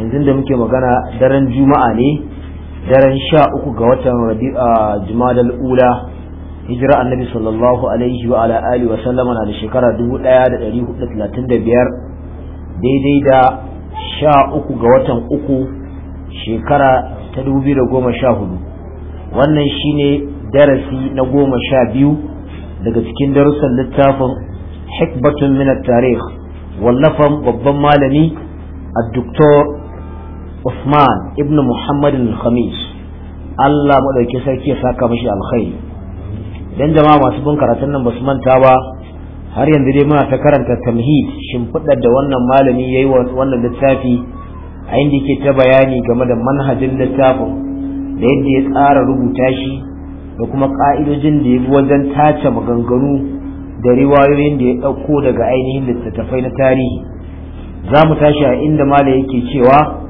yanzu da muke magana daren juma'a ne daren sha uku ga watan rabi'a jumadal ula hijira annabi sallallahu alaihi wa ala alihi wa sallama na da shekara 1435 daidai da sha uku ga watan uku shekara ta 2014 wannan shine darasi na goma sha biyu daga cikin darussan littafin hikbatun min tarih wallafan babban malami a الدكتور Usman ibn Muhammadin al-Khamis Allah madauki sarki ya saka mashi alkhairi dan jama'a masu bin karatun nan basu manta ba har yanzu dai muna ta karanta tamhid shimfiɗar da wannan malami yayi wannan littafi a inda yake ta bayani game da manhajin littafin da yadda ya tsara rubuta shi da kuma ka'idojin da ya bi wajen tace maganganu da riwayoyin da ya ɗauko daga ainihin littattafai na tarihi za mu tashi a inda Malam yake cewa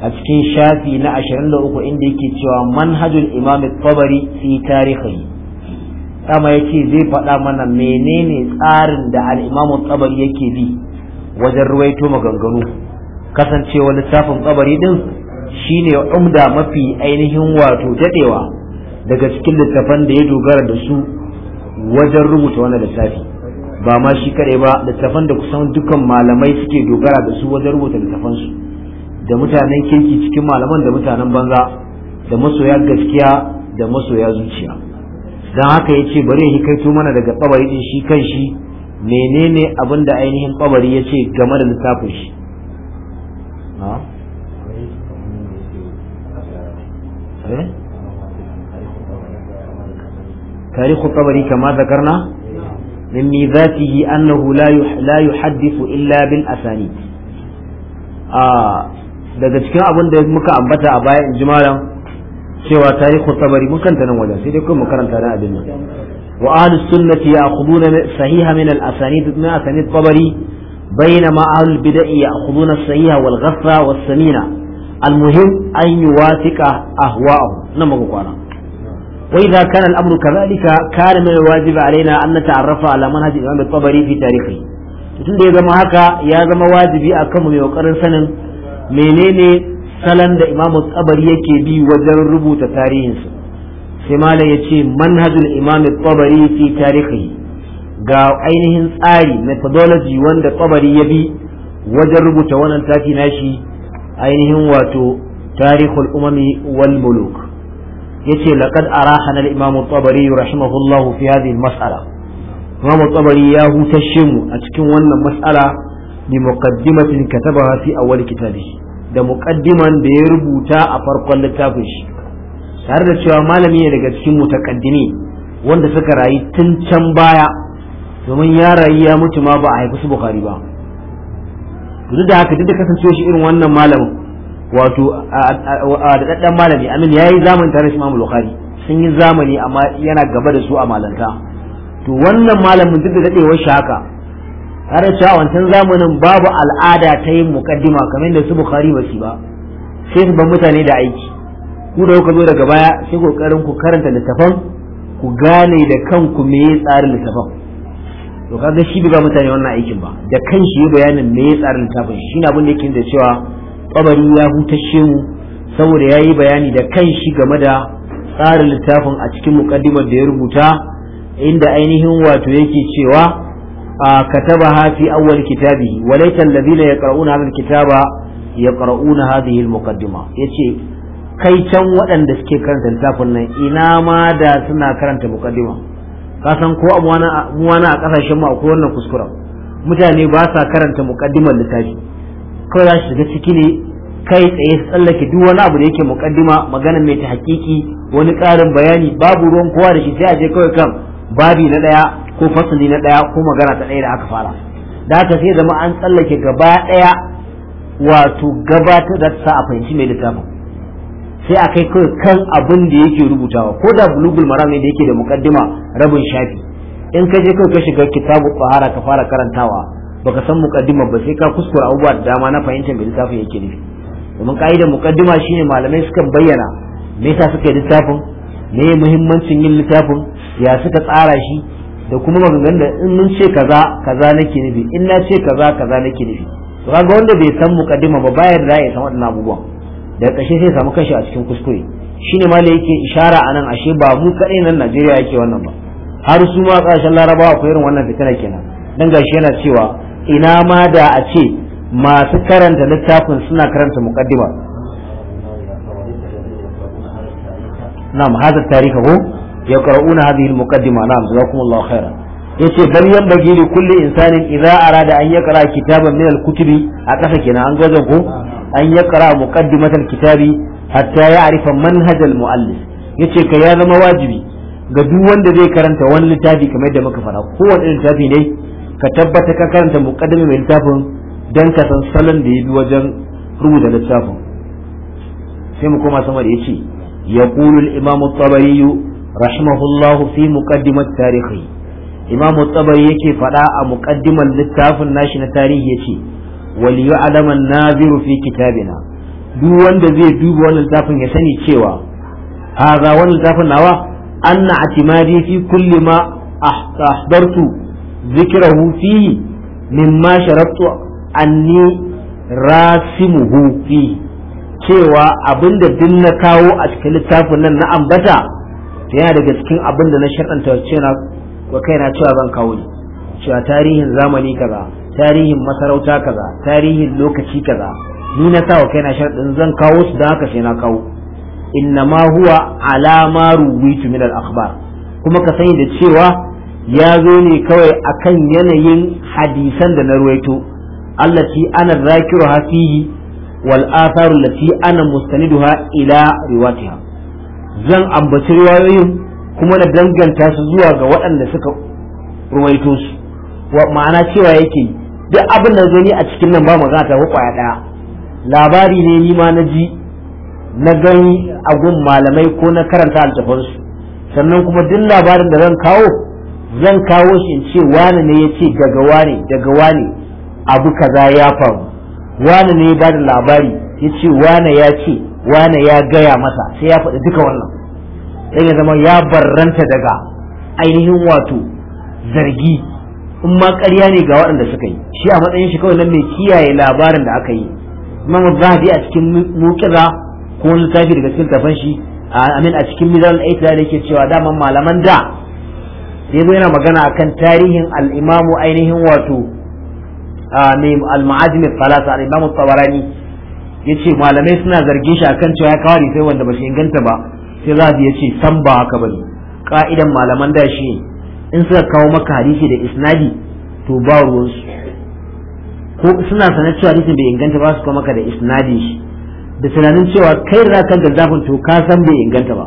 a cikin shafi na ashirin 23 inda yake cewa manhajul imam tabari fi tarihi kama yake zai faɗa mana menene tsarin da al-imam tabari yake bi wajen ruwaito maganganu kasancewa littafin tabari din shine umda mafi ainihin wato dadewa daga cikin littafan da ya dogara da su wajen rubuta wannan littafi ba ma shi kare ba littafan da kusan dukan malamai suke dogara da su wajen rubuta littafansu su da mutanen kirki cikin malaman da mutanen banza da masoya gaskiya da masoya zuciya don haka ya ce bari ya kaito mana daga tsabari din shi kan shi menene abin da ainihin tsabari ya ce game da lissafin shi تاريخ الطبري كما ذكرنا من ميزاته أنه لا لا يحدث إلا بالأسانيد آه daga cikin abin da muka ambata a baya in ji malam cewa tarihu tabari mun kanta nan wajen sai dai kuma karanta na abin nan wa ahlus sunnati ya'khuduna sahiha min al-asanid min asanid tabari بينما أهل البدع يأخذون الصحيح والغفة والسمينة المهم أن يوافق أهواءهم نما وإذا كان الأمر كذلك كان من الواجب علينا أن نتعرف على منهج الإمام الطبري في تاريخه tun da ya zama haka ya zama wajibi a kanmu mai kokarin sanin menene salon da imamu tsabari yake bi wajen rubuta tarihinsu sai malam ya ce manhajul imam tsabari fi tarihi ga ainihin tsari methodology wanda tsabari ya bi wajen rubuta wannan tafi nashi ainihin wato tarihul umami wal muluk yace laqad arahana al-imam tabari rahimahullahu fi hadhihi al-mas'ala imam tabari ya hutashe mu a cikin wannan mas'ala bi muqaddimatin katabaha fi awwal kitabihi da muqaddiman da ya rubuta a farkon littafin shi tare da cewa malami ne daga cikin mutaqaddimi wanda suka rayu tun can baya domin ya rayu ya mutu ma ba a haifi su bukhari ba duk da haka duk da kasancewa shi irin wannan malamin wato a daɗaɗɗen malami amin ya yi zamani tare shi imamul bukhari sun yi zamani amma yana gaba da su a malanta to wannan malamin duk da dadewar shi haka har cewa wancan zamanin babu al'ada ta yin mukaddima kamar da su bukhari ba shi ba sai su ban mutane da aiki ku da kuka zo daga baya sai kokarin ku karanta littafan ku gane da kanku me tsarin littafan to kaga shi ba mutane wannan aikin ba da kan shi ya bayanin me ya tsara littafin shi na abin da yake da cewa kabari ya hutashe mu saboda ya yi bayani da kan shi game da tsarin littafin a cikin mukaddimar da ya rubuta inda ainihin wato yake cewa كتبها في أول كتابه وليت الذين يقرؤون هذا الكتاب يقرؤون هذه المقدمة يتي kai can waɗanda suke karanta littafin nan ina ma da suna karanta mukaddima ka san ko mu wani a ƙasashen mu a wannan kuskura, mutane ba sa karanta mukaddimar littafi kawai za su shiga ciki ne kai tsaye su tsallake duk wani abu da yake mukaddima magana mai ta hakiki wani ƙarin bayani babu ruwan kowa da shi sai a kawai kan babi na ɗaya ko fasali na ɗaya ko magana ta ɗaya da aka fara da haka sai zama an tsallake gaba ɗaya wato gabatar da sa a fahimci mai littafin sai a kai kawai kan abin da yake rubutawa ko da bulugul maram da yake da mukaddima rabin shafi in ka je kai ka shiga kitabu tsahara ka fara karantawa baka san mukaddima ba sai ka kuskura abubuwa da dama na fahimtar mai littafin yake nufi domin ka'idar mukaddima shine malamai sukan bayyana me yasa suka yi littafin me muhimmancin yin littafin ya suka tsara shi da kuma maganganun da in mun ce kaza kaza nake nufi in na ce kaza kaza nake nufi to kaga wanda bai san mukaddima ba bayar da ya san waɗannan abubuwan daga ƙarshe sai samu kashi a cikin kuskure shine ma da yake ishara anan ashe ba mu kadai nan Najeriya yake wannan ba har su ma ƙasashen Larabawa ko irin wannan fitina kenan dan gashi yana cewa ina ma da a ce masu karanta littafin suna karanta mukaddima na hadar tarihi ko yaqra'una hadhihi al-muqaddima na'am jazakumullahu khairan yace bal yanbaghi li kulli insanin idza arada an yaqra kitaban min al-kutubi a kasa kenan an gaza ku an yaqra muqaddimat al-kitabi hatta ya'rifa manhaj al-mu'allif yace ka ya zama wajibi ga duk wanda zai karanta wani littafi kamar yadda muka fara kowanne littafi ne ka tabbata ka karanta muqaddima mai littafin dan ka san salon da ya bi wajen rubuta littafin sai mu koma sama da yace yaqulu al-imam at-tabari rahimahullahu fi muƙaddimar tarihi imam tabari yake faɗa a muƙaddimar littafin nashi na tarihi yace wal yu'lamu an-naziru fi kitabina duk wanda zai duba wannan littafin ya sani cewa hadha wannan littafin nawa anna atimadi fi kulli ma ahdartu dhikrahu fihi mimma sharaftu anni rasimuhu cewa abinda duk kawo a cikin littafin nan na ambata yana daga cikin abin da na sharɗanta cewa wa kaina cewa zan kawo ne cewa tarihin zamani kaza tarihin masarauta kaza tarihin lokaci kaza ni na sa wa kaina sharɗin zan kawo su don haka sai na kawo innama huwa alama ruwitu min al-akhbar kuma ka sani da cewa ya zo ne kawai akan yanayin hadisan da na ruwaito allati ana zakiru hafihi wal atharu allati ana mustaniduha ila riwatiha zan ambaci riwayoyin kuma na danganta su zuwa ga waɗanda suka ruwaito su ma'ana cewa yake duk abin da zai a cikin nan ba magana ta kwaya ɗaya labari ne ni ma na ji na gani a gun malamai ko na karanta altafansu sannan kuma duk labarin da zan kawo zan kawo shi in ce wani ne ya ce daga wani daga wani abu kaza ya faru wani ne ya ba da labari ya ce wani ya ce wane ya gaya masa sai ya faɗi duka wannan sai ya zama ya barranta daga ainihin wato zargi in ma ƙarya ne ga waɗanda suka yi shi a matsayin shi kawai nan mai kiyaye labarin da aka yi imam zahabi a cikin muƙiza ko wani littafi daga cikin tafan shi amin a cikin mizan aitla da yake cewa daman malaman da sai zo yana magana akan tarihin al'imamu ainihin wato mai al-ma'azim falasa al-imamu tabarani Ya ce malamai suna zarge shi akan cewa ya kawari sai wanda ba shi inganta ba sai za ya ce san ba haka ba ne. ka'idan malaman da shi in suka kawo maka hadisi da isnadi to ba ruwansu ko suna sanar cewa hadisin bai inganta ba su kawo maka da isnadi shi da tunanin cewa kai da kan zafin to ka san bai inganta ba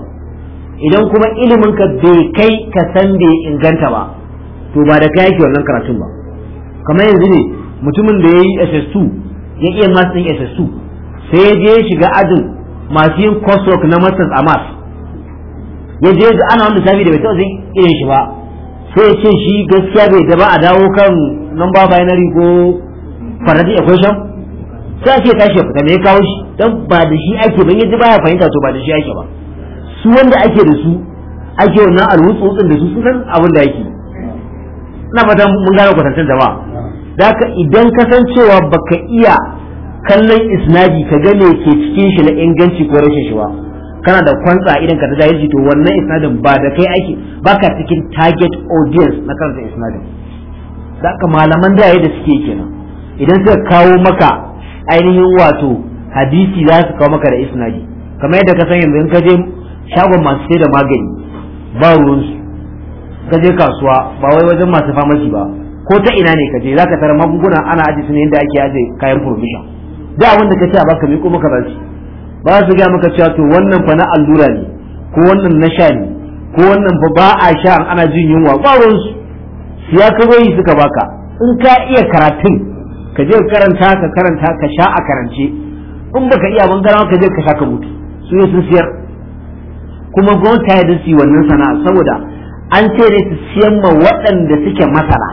idan kuma ilimin ka bai kai ka san bai inganta ba to ba da kai yake wannan karatun ba kamar yanzu ne mutumin da ya yi ss2 ya iya masu ss2 sai je shiga ajin masu yin coursework na masters a math ya je ga ana wanda sabi da bai taɓa irin shi ba sai ce shi gaskiya bai da ba a dawo kan number binary ko faradi equation sai ake tashi ya fita mai kawo shi dan ba da shi ake ban yaji baya fahimta to ba da shi ake ba su wanda ake da su ake wannan alwutsutsin da su sun san abin da ake ina fatan mun gane da ba da ka idan kasancewa baka iya kallon isnadi ka ga me ke cikin shi na inganci ko rashin shi ba kana da kwantsa idan ka da yaji to wannan isnadin ba da kai ake baka cikin target audience na karanta isnadin ka malaman da da suke kenan idan suka kawo maka ainihin wato hadisi za su kawo maka da isnadi kamar yadda ka san yanzu in ka je shagon masu sai da magani ba ruwansu ka je kasuwa ba wai wajen masu famaki ba ko ta ina ne ka je Za ka tara magunguna ana ajiye su ne yadda ake ajiye kayan provision da abin da kace a baka miko maka ba shi ba su ga maka cewa to wannan fa na allura ne ko wannan na sha ne ko wannan fa ba a sha ana jin yunwa ba ruwan su ya ka yi suka baka in ka iya karatun ka je karanta ka karanta ka sha a karance in baka iya garawa ka je ka sha ka mutu su ne sun siyar kuma gwamnati ya dace wannan sana'a saboda an ce ne su siyan ma waɗanda suke masana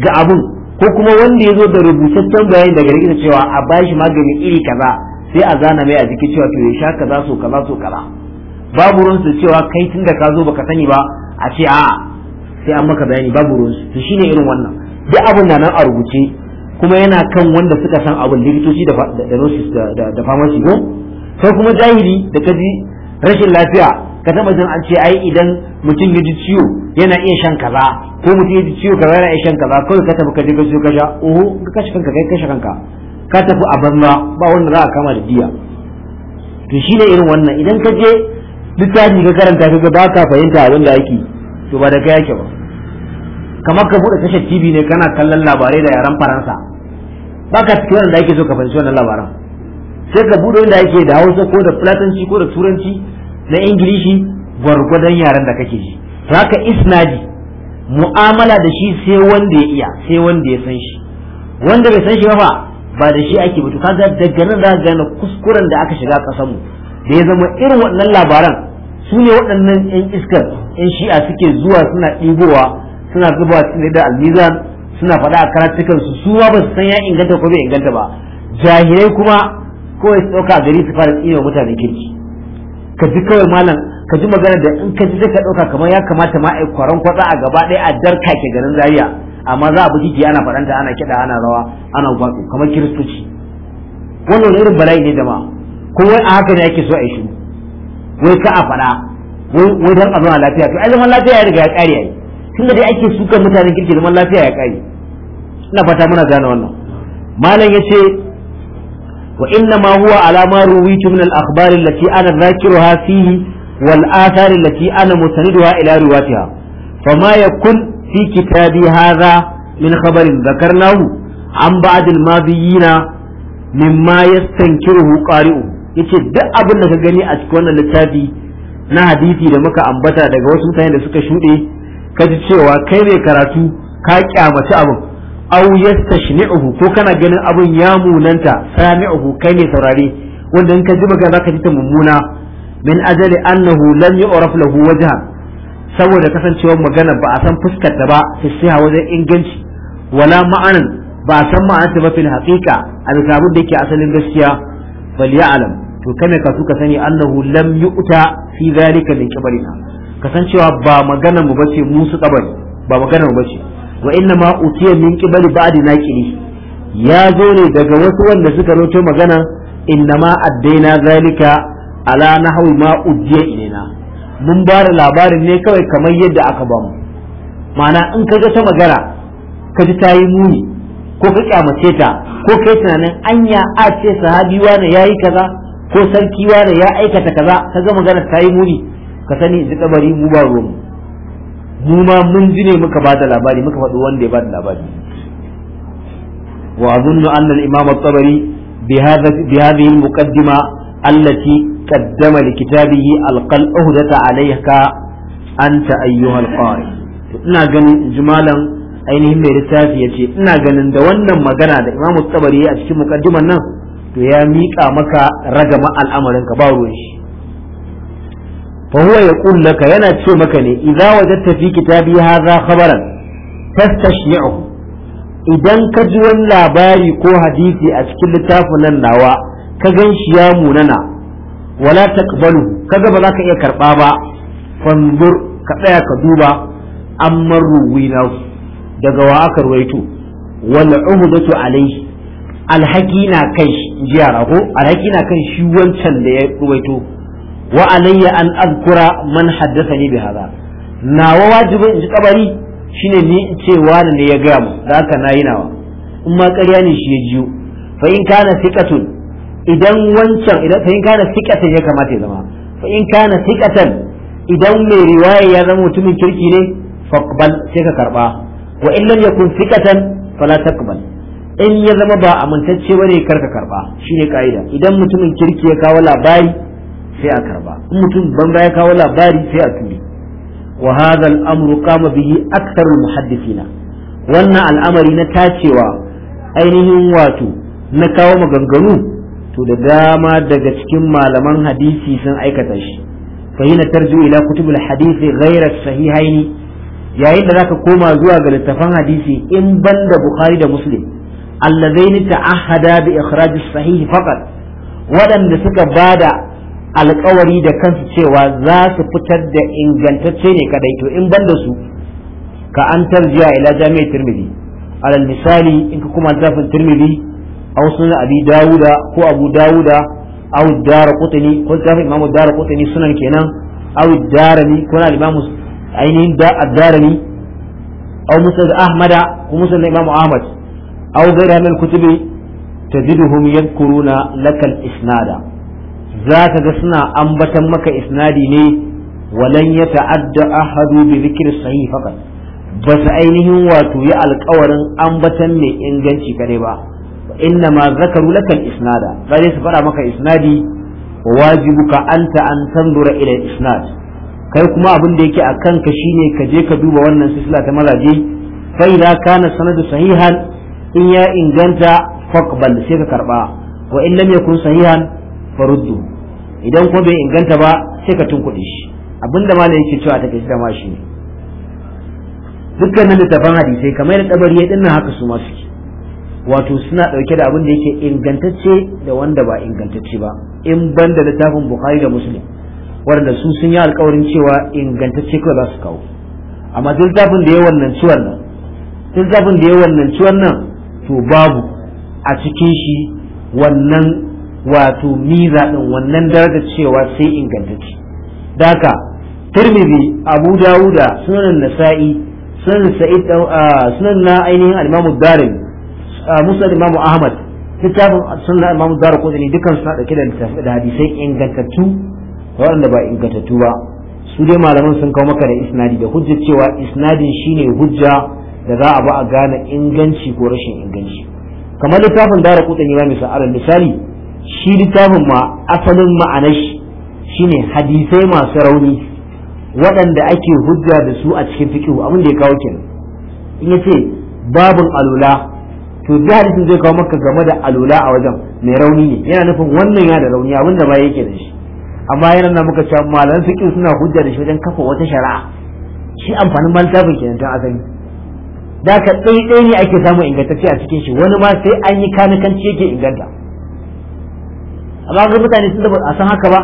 ga abun ko kuma wanda ya zo da rubutaccen bayani daga likita cewa a bashi magani iri kaza sai a zana mai a jiki cewa to ya sha kaza so kaza so kaza babu ruwan su cewa kai tun da ka zo baka sani ba a ce a sai an maka bayani babu ruwan su to shine irin wannan duk abin da nan a rubuce kuma yana kan wanda suka san abin likitoci da da da pharmacy ko sai kuma jahili da kaji rashin lafiya ka taba jin an ce ai idan mutum ya ji ciwo yana iya shan kaza ko mutum ya ji ciwo kaza yana iya shan kaza kawai ka tafi ka je ciwo ka sha oho ka kashe kanka kai kashe kanka ka tafi a banza ba wanda za a kama da diya to shine irin wannan idan ka je littafi ka karanta ka ga ba ka fahimta abin da ake to ba da kai yake ba kamar ka bude tashar TV ne kana kallon labarai da yaren Faransa ba ka cikin wanda ake so ka fahimci wannan labaran sai ka bude wanda yake da Hausa ko da Fulatanci ko da Turanci na ingilishi gwargwadon yaren da kake ji haka isnadi mu'amala da shi sai wanda ya iya sai wanda ya san shi wanda bai san shi ba ba da shi ake mutu kaga daga nan za gane kuskuren da aka shiga kasar mu da ya zama irin waɗannan labaran su ne waɗannan yan iskar yan shi'a suke zuwa suna ɗibowa suna zuba cikin da almizan suna faɗa a karatukan su su ba su san ya inganta ko bai inganta ba jahilai kuma kawai su ɗauka gari su fara tsinewa mutane kirki ka ji kawai malam ka ji magana da in ka ji zai ka ɗauka kamar ya kamata ma a kwaron kwatsa a gaba ɗaya a darka ke garin zariya amma za a bi ki ana faɗanta ana kiɗa ana rawa ana gwatsu kamar kiristoci wannan irin bala'i ne ma ko wai a haka ne ake so a yi shi wai ka a faɗa wai dan a zama lafiya to ai zaman lafiya ya riga ya ƙare yayi tun da dai ake suka mutanen kirki zaman lafiya ya ƙare ina fata muna gane wannan malam ya ce وإنما هو على ما رويت من الأخبار التي أنا ذاكرها فيه والآثار التي أنا مستندها إلى رواتها فما يكون في كتابي هذا من خبر ذكرناه عن بعض الماضيين مما يستنكره قارئه yace duk abin da ka gani a cikin wannan littafi na hadisi da muka ambata daga wasu mutane da suka shuɗe ka ji cewa kai mai karatu ka kyamaci abin aw uhu ko kana ganin abun ya munanta sami'uhu kai ne saurare wanda in ka ji magana zaka ji ta mummuna min ajali annahu lam yu'raf lahu wajha saboda kasancewar magana ba a san fuskar ta ba sai wajen inganci wala ma'anan ba a san ma'anar ta ba fil haqiqa alkabu da yake asalin gaskiya falyalam to kame ka suka sani annahu lam yu'ta fi zalika min qabrina kasancewa ba magana mu bace mu su kabari ba magana mu bace wa inna ma utiya min qibali ba'di naqili ya zo ne daga wasu wanda suka roto magana inna ma addaina zalika ala nahwi ma utiya ilaina mun ba labarin ne kawai kamar yadda aka ba mu ma'ana in kaga ta magana ka ji ta yi muni ko ka kyamace ta ko kai tunanin anya a ce sahabi wane yayi kaza ko sarki wane ya aikata kaza kaga magana ta yi muni ka sani ji kabari mu ba ruwan mu mu ma mun ji ne muka bada labari muka faɗi wanda ya bada labari wa azunnu anna al-imam at-tabari bi hadhihi al-muqaddima allati قدم لكتابه ألقى الأهدة عليك أنت أيها ina ganin jimalan ainihin mai littafi ya ce ina ganin da wannan magana da imam tabari a cikin mukaddiman nan to ya miƙa maka ragama al'amarin ka ba ruwan shi fa huwa ƙulla ka yana ce maka ne idza wajadta fi kitabi hadha khabaran tastashmi'u idan ka ji wani labari ko hadisi a cikin littafin nan nawa ka gan shi ya munana wala taqbalu kaga ba za ka iya karɓa ba fanzur ka tsaya ka duba amma ruwina daga wa aka ruwaito wal uhdatu alayhi alhaki na kai shi jiyara ko alhaki na kan shi wancan da ya ruwaito wa alayya an azkura man haddathani bi hadha nawa wajibin in ji kabari shine ni in ce wani ne ya gaya mu da haka nayi nawa in ma ƙarya ne shi ya jiyo fa in kana thiqatun idan wancan idan fa in kana thiqatan ya kamata ya zama fa in kana thiqatan idan mai riwaya ya zama mutumin kirki ne faqbal sai ka karba wa in lam yakun thiqatan fala taqbal in ya zama ba amintacce bane karka karba shine kaida idan mutumin kirki ya kawo labari sai a karba in mutum banga ya kawo labari sai a turi wa hadha al-amru qama bihi aktharul muhaddithina wannan al'amari na tacewa ainihin wato na kawo maganganu to da dama daga cikin malaman hadisi sun aikata shi fa hina tarju ila kutubul hadisi ghayra sahihaini yayin da zaka koma zuwa ga littafan hadisi in banda bukhari da muslim allazaini ta'ahada bi ikhraj as-sahih faqat waɗanda suka bada alkawari da kansu cewa za su fitar da ingantacce ne kadai to in banda su ka an tarjiya ila jami'ar tirmidhi alal misali in ka kuma al-tafin tirmidhi aw sunan abi dawuda ko abu dawuda aw dara qutni ko zafin imamu dara qutni sunan kenan aw darani ko na imamu ainihin da ad-darani aw musnad ahmada ko musnad imamu ahmad aw ghayra min kutubi تجدهم يذكرون لك الإسناد za ka ga suna ambatan maka isnadi ne walan ya ta'adda ahadu bi zikir sahih faqat ba su ainihin wato yi alkawarin ambatan mai inganci kare ba inna ma zakaru lakal isnada za dai su fara maka isnadi wajibuka anta an tandura ila isnad kai kuma abin da yake a kanka shine ka je ka duba wannan silsila ta mazaje fa idza kana sanadu sahihan in ya inganta faqbal sai ka karba wa in lam yakun sahihan faruddu idan ko bai inganta ba sai ka tunkuɗe shi abinda malam yake cewa take shi da ma shi ne dukkanin littafan hadisai kamar da tabari ya dinnan haka su ma suke wato suna ɗauke da abin da yake ingantacce da wanda ba ingantacce ba in ban da littafin bukhari da muslim waɗanda su sun yi alkawarin cewa ingantacce kawai za su kawo amma littafin da ya wannan ciwon nan littafin da ya wannan ciwon nan to babu a cikin shi wannan wato miza din wannan daraja cewa sai ingantacce daka tirmidhi abu dawuda sunan nasa'i sunan sa'id uh, sunan na ainihin al-imamu uh, musa imamu ahmad littafin sunan imamu daru kudini dukkan suna dauke da da hadisai ingantattu waɗanda ba ingantattu ba su dai malaman sun kawo maka da isnadi da hujjar cewa isnadin shine hujja da za a ba a gane inganci ko rashin inganci kamar littafin daru kudini ba misali misali shi littafin ma asalin ma'anar shi shine hadisai masu rauni waɗanda ake hujja da su a cikin fikihu abin da ya kawo kenan in ya ce babin alula to duk hadisin zai kawo maka game da alula a wajen mai rauni ne yana nufin wannan ya da rauni abin da ba yake da shi amma yana nan muka cewa malaman fikihu suna hujja da shi wajen kafa wata shari'a shi amfanin maltafin kenan tun asali da ka ɗaiɗai ne ake samun ingantacce a cikin shi wani ma sai an yi kanikanci yake inganta amma ga mutane sun da a san haka ba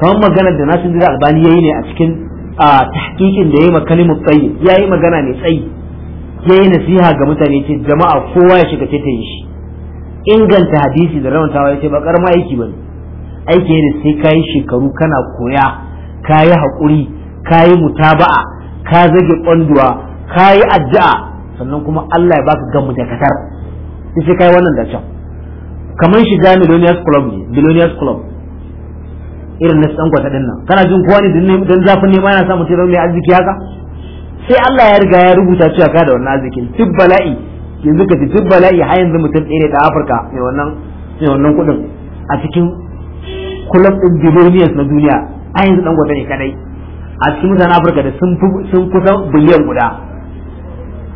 kamar maganar da nasu da albani yayi ne a cikin a tahqiqin da yayi ma kalimar tsayi yayi magana ne tsayi yayi nasiha ga mutane ce jama'a kowa ya shiga ta shi inganta hadisi da rawantawa ya ce ba karma aiki bane aiki ne sai kai shekaru kana koya kayi hakuri kayi mutaba'a ka zage kwanduwa kayi addu'a sannan kuma Allah ya baka gamu da katar sai kai wannan da can kamar shiga millionaires club ne Millionaire's club irin na tsanko ta dinnan kana jin kowa ne don zafin nema yana samun tirar mai arziki haka sai Allah ya riga ya rubuta cewa ka da wannan arzikin duk bala'i yanzu ka ji duk bala'i har yanzu mutum ɗaya ne ta Afirka mai wannan mai wannan kuɗin a cikin club din billionaires na duniya a yanzu dan gwata ne kadai a cikin mutanen Afirka da sun sun kusan biliyan guda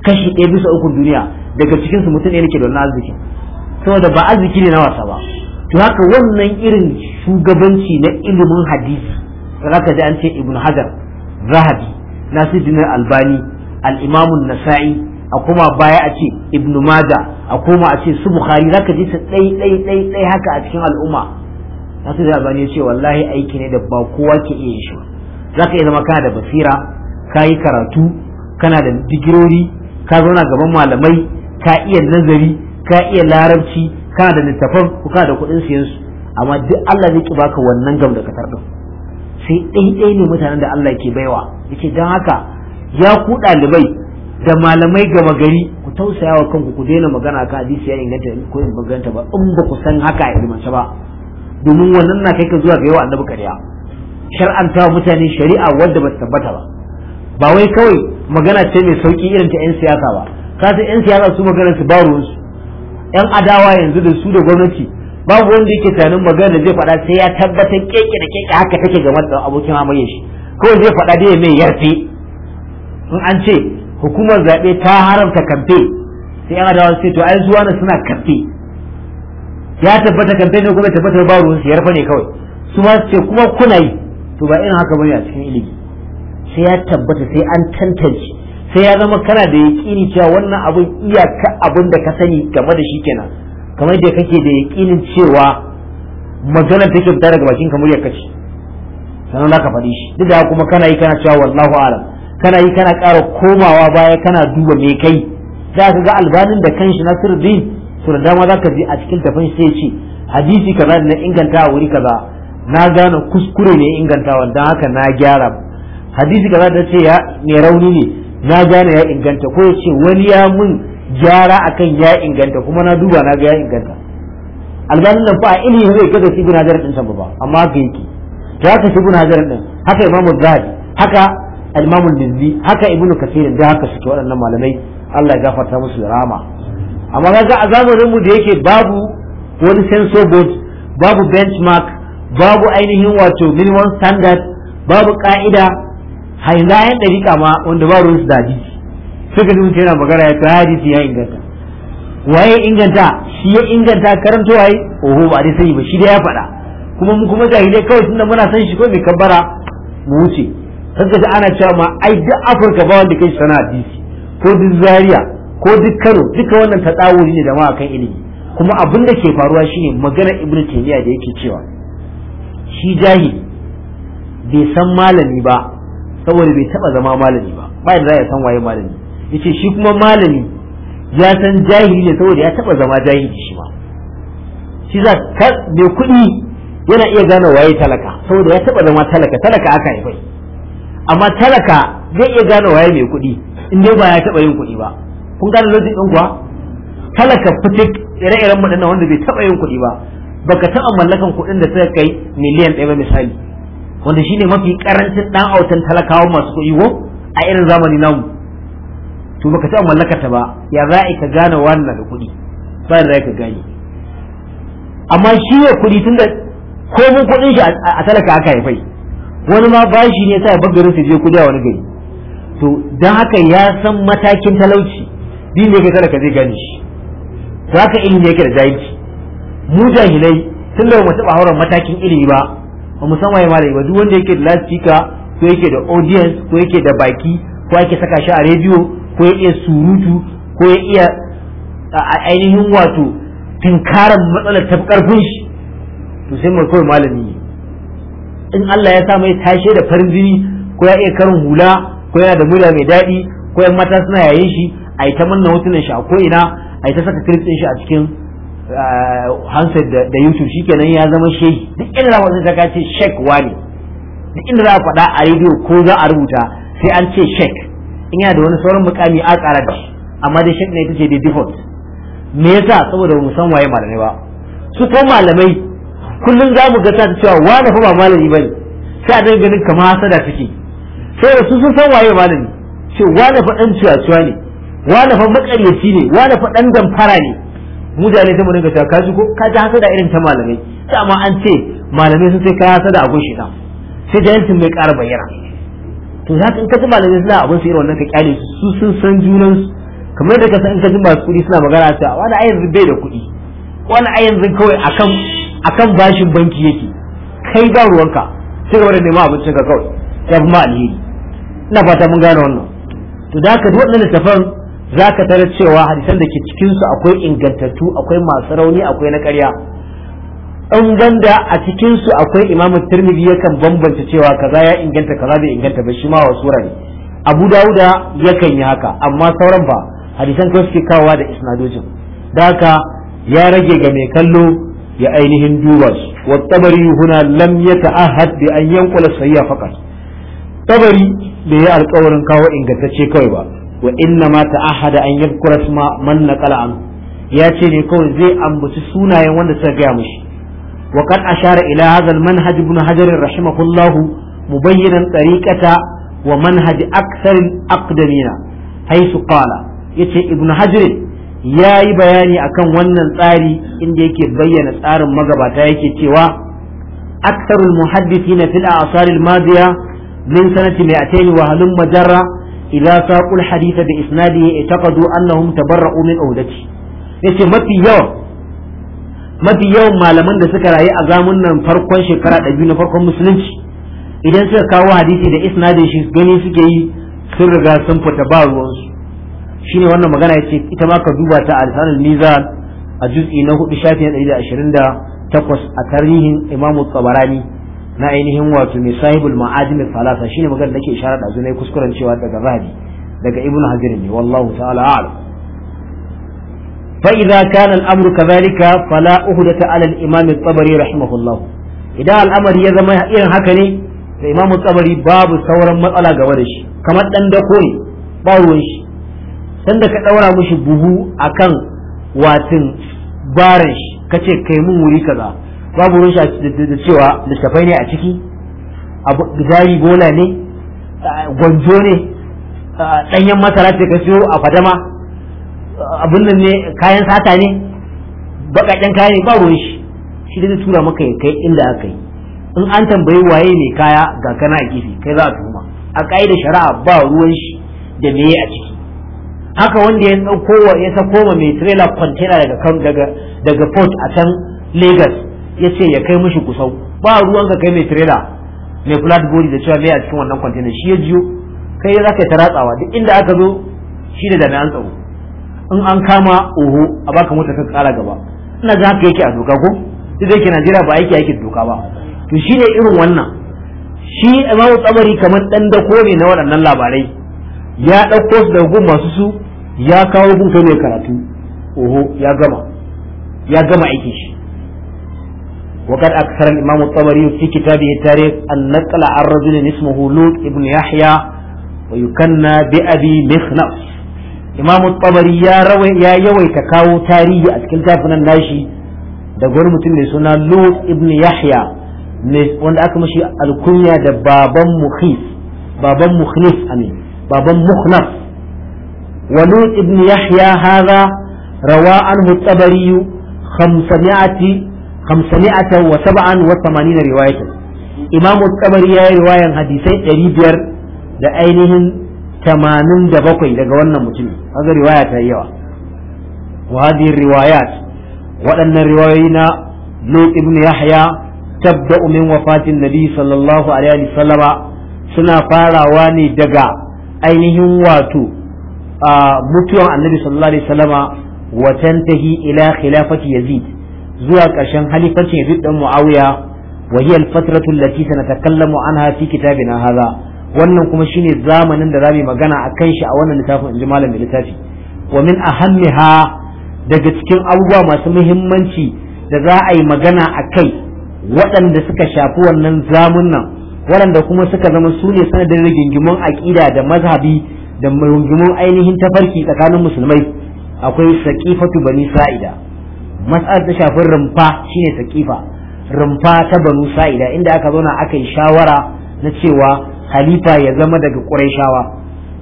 kashi ɗaya bisa uku duniya daga cikin su mutum ɗaya ne ke da wannan arzikin saboda ba arziki ne na wasa ba to haka wannan irin shugabanci na ilimin hadisi zaka ji an ce ibn hajar zahabi nasiruddin albani al-imam nasai a koma baya a ce ibn maja a koma a ce su bukhari zaka ji su dai dai dai dai haka a cikin al'umma nasiruddin albani ya ce wallahi aiki ne da ba kowa ke iya yin shi zaka iya zama kana da basira kayi karatu kana da digirori ka zauna gaban malamai ka iya nazari ka iya larabci ka da littafan ko ka da kuɗin siyan su amma duk Allah zai ki baka wannan gam da katar din sai ɗai ne mutanen da Allah ke baiwa yake dan haka ya ku ɗalibai da malamai gama gari ku tausaya wa kanku ku daina magana kan hadisi ya inganta ko in baganta ba in ba ku san haka a ilmance ba domin wannan na kai ka zuwa ga yawa annabi kariya shar'anta wa mutane shari'a wadda ba ta tabbata ba ba wai kawai magana ce mai sauki irin ta 'yan siyasa ba ka san 'yan siyasa su magana su ba ruwansu yan adawa yanzu da su da gwamnati babu wanda yake tunanin magana da zai faɗa sai ya tabbatar keke da keke haka take game da abokin hamayyar shi kawai zai faɗa dai mai yarfe in an ce hukumar zaɓe ta haramta kamfe sai yan adawa sai to ai zuwa suna kamfe ya tabbata kamfe ne kuma tabbatar ba ruwan su yarfa ne kawai su ma ce kuma kuna yi to ba irin haka bane a cikin ilimi sai ya tabbata sai an tantance sai ya zama kana da yaƙini cewa wannan abin iyaka abin da ka sani game da shi kenan kamar da kake da yaƙinin cewa magana take fita daga bakin kamar ya kace sannan za ka faɗi shi duk da kuma kana yi kana cewa wallahu alam kana yi kana ƙara komawa baya kana duba me kai da ka ga albanin da kanshi na sirri? to da dama zaka ka je a cikin tafin sai ce hadisi kaza na inganta a wuri kaza na gane kuskure ne ingantawa don haka na gyara hadisi kaza da ce ya mai rauni ne na gane ya inganta ko wani ya mun gyara akan ya inganta kuma na duba na ga ya inganta albanin nan fa a ilimi zai kaga shi guna jarar ɗinsa ba amma haka yake da haka shi guna jarar ɗin haka imamu zahabi haka imamu lizzi haka ibnu kasirin da haka suke waɗannan malamai Allah ya gafarta musu da rama amma kaga a zamanin mu da yake babu wani sensor board babu benchmark babu ainihin wato minimum standard babu ka'ida hailayen ɗariƙa ma wanda ba ruwansu da hadisi suka ji mutum yana magana ya ta hadisi ya inganta waye inganta shi ya inganta karanto waye oho ba dai sai ba shi da ya faɗa kuma mu kuma jahilai kawai tunda muna san shi ko mai kabbara mu wuce kanka ji ana cewa ma ai duk afirka ba wanda kai sana hadisi ko duk zaria ko duk kano duka wannan tadawuri ne da ma kan ilimi kuma abin da ke faruwa shine magana ibnu taymiya da yake cewa shi jahili bai san malami ba saboda bai taba zama malami ba ba da ya san waye malami yace shi kuma malami ya san jahili ne saboda ya taba zama jahili shi ma shi za ka mai kuɗi yana iya gane waye talaka saboda ya taba zama talaka talaka aka haifai amma talaka zai iya gane waye mai kuɗi in dai ba ya taba yin kuɗi ba kun gane lojin din kuwa talaka fitik ire-iren waɗannan wanda bai taba yin kuɗi ba baka taba mallakan kuɗin da suka kai miliyan ɗaya ba misali wanda shine mafi karancin dan autan talakawa masu kuɗi ko a irin zamani namu to baka taɓa mallakar ta ba ya za ka gane wannan da kuɗi ba da za ka gane amma shi ne kuɗi tunda mun kuɗin shi a talaka aka haifai wani ma bashi ne sa ya bar su je kuɗi a wani gari to don haka ya san matakin talauci din ne kai talaka zai gane shi to haka ilimi yake da jahilci mu jahilai tun da mu taɓa hauren matakin ilimi ba ba mu san waye malami ba duk wanda yake da lasfika ko yake da audience ko yake da baki ko yake saka shi a rediyo ko ya iya surutu ko ya iya a ainihin wato tinkarar matsalar ta karfin shi to sai mu koyi malami in Allah ya sa mai tashe da farin jini ko ya iya karin hula ko yana da mura mai daɗi ko yan mata suna yayin shi a yi ta manna hotunan shi a ko'ina a yi ta saka kirtsin shi a cikin Eh, hansa da youtube shikenan ya zama shehi duk inda za ka ta ce shek wani duk inda za a faɗa a rediyo ko za a rubuta sai an ce shek in yana da wani sauran mukami a ƙara da amma dai shek ne ita ce da default me yasa saboda mu san waye malamai ba su ko malamai kullum za mu ga ta cewa wani fa ba malami ba ne, sai a dinga ganin kamar hasada take sai su sun san waye malami ce wani fa dan ciwa ne wani fa makaryaci ne wani fa dan damfara ne mutane sai mu dinga cewa kaji ko kaji hasada irin ta malamai amma an ce malamai sun sai kaya hasada a gushi ta sai jahilcin bai ƙara bayyana to za ka in ji malamai suna abin su irin wannan ka kyale su sun san junan su kamar da ka san in ji masu kuɗi suna magana cewa wani a yanzu bai da kuɗi wani a yanzu kawai akan akan bashin banki yake kai ba ruwanka sai gaba da neman abincin ka kawai ya fi ma alheri ina fata mun gane wannan to da haka duk waɗannan littafan za ka tara cewa hadisan da ke cikinsu akwai ingantattu akwai masu rauni akwai na karya. in ganda a cikinsu akwai imam turmidi yakan bambanta cewa kaza ya inganta kaza bai inganta ba shi ma wa sura ne abu Dawuda yakan yi haka amma sauran ba hadisan kawai suke kawowa da isnadojin da haka ya rage ga mai kallo ya ainihin duba su wa tabari huna lam ta'ahad bi an yankula sayya faqat tabari bai yi alƙawarin kawo ingantacce kawai ba wa inna ma ahada an yadhkura isma man naqala an ya ce ne kawai zai ambaci sunayen wanda suka gaya mishi wa qad ashara ila hadha al manhaj ibn hajar rahimahullah mubayyinan tariqata wa manhaj akthar al aqdamina haythu qala yace ibn hajar ya yi bayani akan wannan tsari inda yake bayyana tsarin magabata yake cewa aktarul muhaddisi na fil asar madiya min sanati mai ateni wa halin majarra idza saqu al-hadith bi isnadihi i'taqadu annahum tabarra'u min uhdati yace mafi yawan mafi yawan malaman da suka rayu a nan farkon shekara ɗabi na farkon musulunci idan suka kawo hadisi da isnadin shi gani suke yi sun riga sun fita ba ruwansu shine wannan magana yace ita ma ka duba ta al-sanan mizan a juz'i na 4 shafi 128 a tarihin imamu tsabarani na ainihin wato mai sahibul ma'ajim falasa shine magana da ke isharar da zunai kuskuren cewa daga zahabi daga ibnu hajar ne wallahu ta'ala a'lam fa idza kana al-amru kadhalika fala uhdata 'ala al-imam at-tabari rahimahullah idan al'amari ya zama irin haka ne da imam at-tabari babu sauran matsala gaba da shi kamar dan dako ne ba ruwan shi sanda ka daura mushi buhu akan watin baran shi kace kai mun wuri kaza babu rusha shi da cewa littafai ne a ciki zari bola ne gwanjo ne ɗanyen masara ce ka siyo a fadama abin ne kayan sata ne baƙaƙen kaya ne ba ruwan shi shi da tura maka ya kai inda aka yi in an tambayi waye mai kaya ga kana a gefe kai za a tuhuma a da shari'a ba ruwan shi da me a ciki haka wanda ya wa ya sako ma mai trailer container daga daga daga port a can Lagos ya ce ya kai mishi kusau ba ruwan ka kai mai tirela mai flat body da cewa mai a cikin wannan container shi ya jiyo kai za ka yi taratsawa duk inda aka zo shi da jami'an tsaro in an kama oho a baka mota ka kara gaba ina ga haka yake a doka ko duk da yake Najeriya ba aiki yake doka ba to shine irin wannan shi Imam Tsabari kamar dan da kone na waɗannan labarai ya ɗauko su daga gun masu su ya kawo gun kai mai karatu oho ya gama ya gama aikin shi وقد أكثر الإمام الطبري في كتابه التاريخ أن نقل عن رجل اسمه لوط ابن يحيى ويكنى بأبي مخنف إمام الطبري يا روي يا يوي تكاو تاريخ أتكلم تافنا الناشي دقول متن لوط ابن يحيى وأن أكمشي الكنيا دبابا مخيف بابا مخنف أمين بابا مخنف ولوط ابن يحيى هذا روى الطبري خمسمائة 587 riwayata imamu tabari yayi riwayan hadisai 500 da ainihin 87 daga wannan mutumin kaga riwaya ta yawa wa hadhihi riwayat waɗannan riwayoyi na Lut ibn Yahya tabda min wafatin Nabi sallallahu alaihi wasallama suna farawa ne daga ainihin wato mutuwan Annabi sallallahu alaihi wasallama wa tantahi ila khilafati Yazid zuwa ƙarshen halifancin Yazid dan Muawiya wa hiya al-fatratu allati sanatakallamu anha fi kitabina hadha wannan kuma shine zamanin da zamu magana akan shi a wannan littafin inji malam littafi wa min ahammiha daga cikin abubuwa masu muhimmanci da za a yi magana a kai waɗanda suka shafi wannan zamun nan, waɗanda kuma suka zama su ne sanadin rigingimun aƙida da mazhabi da rigingimun ainihin tafarki tsakanin musulmai akwai saƙifatu bani sa'ida mas'alar ta shafi rumfa shine kifa. rumfa ta banu sa'ida inda aka zauna aka yi shawara na cewa khalifa ya zama daga ƙuraishawa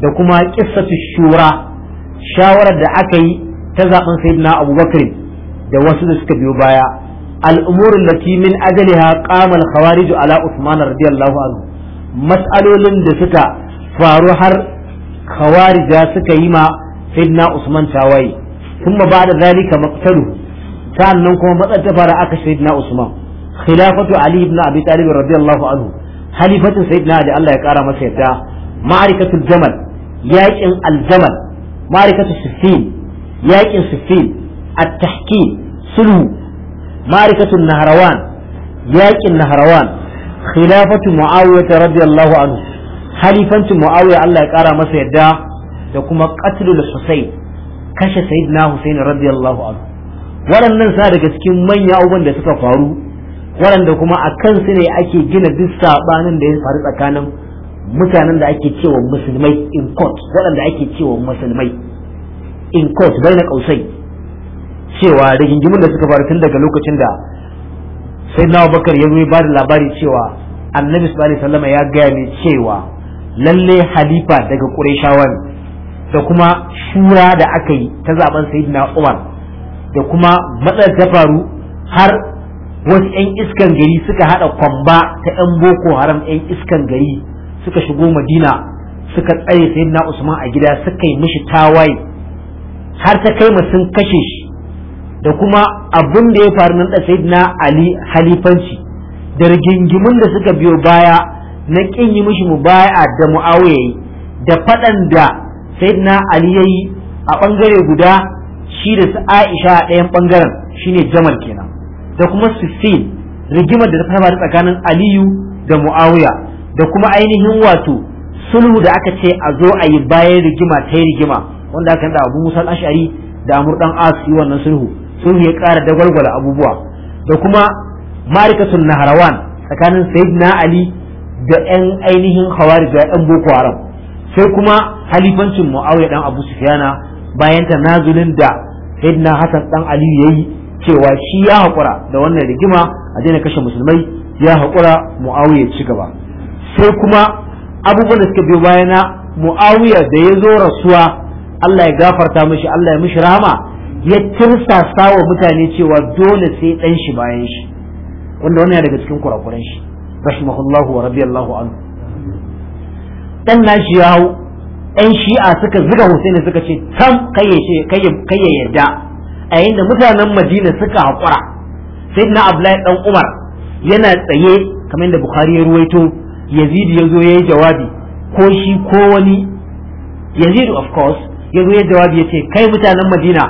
da kuma kissatu shura shawarar da aka yi ta zaben sayyidina abubakar da wasu da suka biyo baya al'umurin lati min ajaliha qamal khawarij ala usman radiyallahu anhu mas'alolin da suka faru har khawarija suka yi ma sayyidina usman tawaye ba da ذلك مقتله sannan kuma matsar ta fara aka sayyidina Usman khilafatu Ali ibn Abi Talib radiyallahu anhu halifatin sayyidina Ali Allah ya kara masa yadda ma'arikatul jamal yaƙin aljamal ma'arikatul siffin yaƙin siffin at sulhu ma'arikatul nahrawan yaƙin nahrawan khilafatu muawiya radiyallahu anhu halifancin muawiya Allah ya kara masa yadda da kuma qatlul husayn kashe sayyidina husayn radiyallahu anhu waɗannan sa daga cikin manya abubuwan da suka faru waɗanda kuma a kansu ne ake gina duk saɓanin da ya faru tsakanin mutanen da ake cewa musulmai in court waɗanda ake cewa musulmai in court bai na ƙausai cewa rigingimin da suka faru tun daga lokacin da sai na bakar ya ba da labari cewa annabi sallallahu alaihi ya gaya ne cewa lalle halifa daga ƙurashawa da kuma shura da aka yi ta zaben sayyidina umar da kuma matsalar ta faru har wasu 'yan iskan gari suka haɗa kwamba ta 'yan boko haram 'yan iskan gari suka shigo madina suka tsaye sayyidina usman a gida suka yi mishi tawaye har ta kai sun kashe shi da kuma abin da ya faru nan da sayyidina ali halifanci da rigingimin da suka biyo baya na kin yi mishi mu baya da mu'awiya da faɗan da sayyidina ali ya yi a ɓangare guda shi da su Aisha a ɗayan bangaren shine Jamal kenan da kuma Sufyan rigimar da ta fara tsakanin Aliyu da Muawiya da kuma ainihin wato sulhu da aka ce a zo a yi bayan rigima ta rigima wanda aka da Abu Musa ashari da Amr dan As yi wannan sulhu sulhu ya ƙara dagwalgwala abubuwa da kuma Marikatul Naharawan tsakanin Sayyidina Ali da 'yan ainihin hawari da 'yan Boko Haram sai kuma halifancin Muawiya dan Abu Sufyana bayan tanazulin da sayyidina Hassan dan Ali yayi cewa shi ya haƙura da wannan rigima a daina kashe musulmai ya haƙura Muawiya ci gaba sai kuma abubuwan da suka biyo bayan Muawiya da ya zo rasuwa Allah ya gafarta mishi Allah ya mishi rahama ya tirsasa wa mutane cewa dole sai dan shi bayan shi wanda wannan daga cikin kurakuran shi rahimahullahu wa radiyallahu anhu dan nashi ya hau 'yan shi'a suka zuga Husaini suka ce tam kai ya yarda a yayin da mutanen Madina suka haƙura sai na Abdullahi dan Umar yana tsaye kamar da Bukhari ya ruwaito Yazid ya zo yayi jawabi ko shi ko wani Yazidu of course ya zo yayi jawabi yace kai mutanen Madina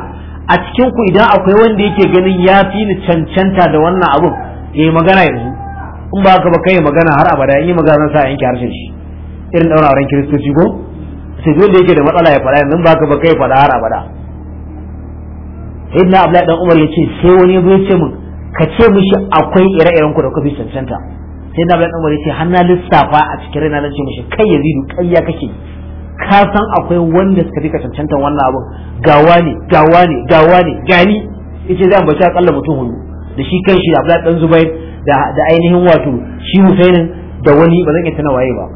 a cikin ku idan akwai wanda yake ganin ya fi ni cancanta da wannan abun yayi magana yanzu in ba haka ba kai magana har abada in yi magana sa yanke harshen shi irin ɗaura auren kiristoci ko sai duk da yake da matsala ya fara yanzu ba ka ba kai fara ba abada ibn abdullahi dan umar yace sai wani ya ce min ka ce mishi akwai ire-iren ku da kufi cancanta sai na abdullahi dan umar yace har na lissafa a cikin raina na ce mishi kai zidu kai ya kake ka san akwai wanda suka fi ka cancanta wannan abun gawa ne gawa ne gawa ne gani yace zai bace akalla mutum hudu da shi shi da abdullahi dan zubair da ainihin wato shi husainin da wani ba zan iya tana waye ba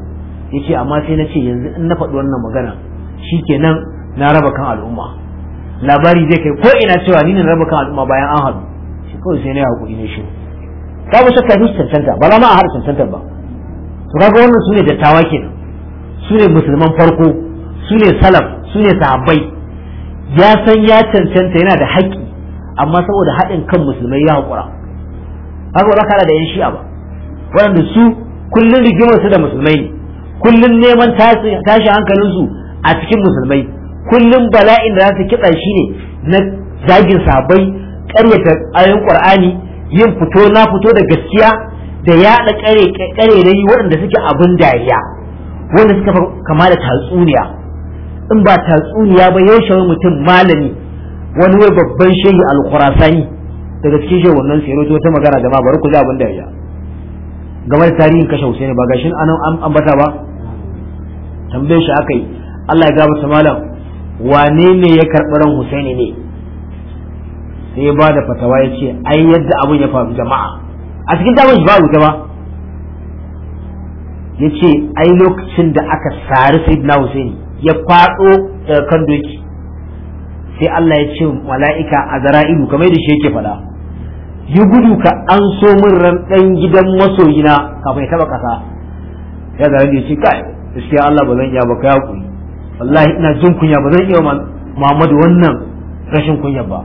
yace amma sai na ce yanzu in na faɗi wannan magana shikenan na raba kan al'umma labari zai kai ko ina cewa ni ne raba kan al'umma bayan an haɗu shi kawai sai na haƙuri ne shi ka ba shakka shi cancanta ba ma a har cancanta ba to kaga wannan sune dattawa kenan sune musulman farko sune salaf sune sahabbai ya san ya cancanta yana da haƙƙi amma saboda haɗin kan musulmai ya haƙura kaga ba za ka da 'yan shi'a ba waɗanda su kullum rigimar su da musulmai ne kullun neman tashi hankalinsu a cikin musulmai kullum bala'in da za su kitsa shi ne na zagin sabai ƙaryata ayoyin qur'ani yin fito na fito da gaskiya da yaɗa ƙare yi waɗanda suke abin dariya wanda suka kama da tatsuniya in ba tatsuniya ba yaushe mutum malami wani wai babban shehi al-khurasani daga cikin wannan sai wata magana jama'a bari ku ji abin dariya game da tarihin kashe Hussaini ba gashin anan an ambata ba tambayar shi akai Allah ya gabata malam wane ne ya karɓi ran Hussaini ne sai ya bada fatawa ya ce ai yadda abun ya faru jama'a a cikin damar shi babu ba ya ce ai lokacin da aka sari Sayyidina Hussaini ya faɗo kan doki sai Allah ya ce mala'ika a zara'ilu kamar da shi yake faɗa yi gudu ka an so min ran ɗan gidan masoyina kafin ya taɓa ƙasa ya zara ne ce kai gaskiya Allah ba zan iya ba kai hakuri wallahi ina jin kunya ba zan iya Muhammadu wannan rashin kunya ba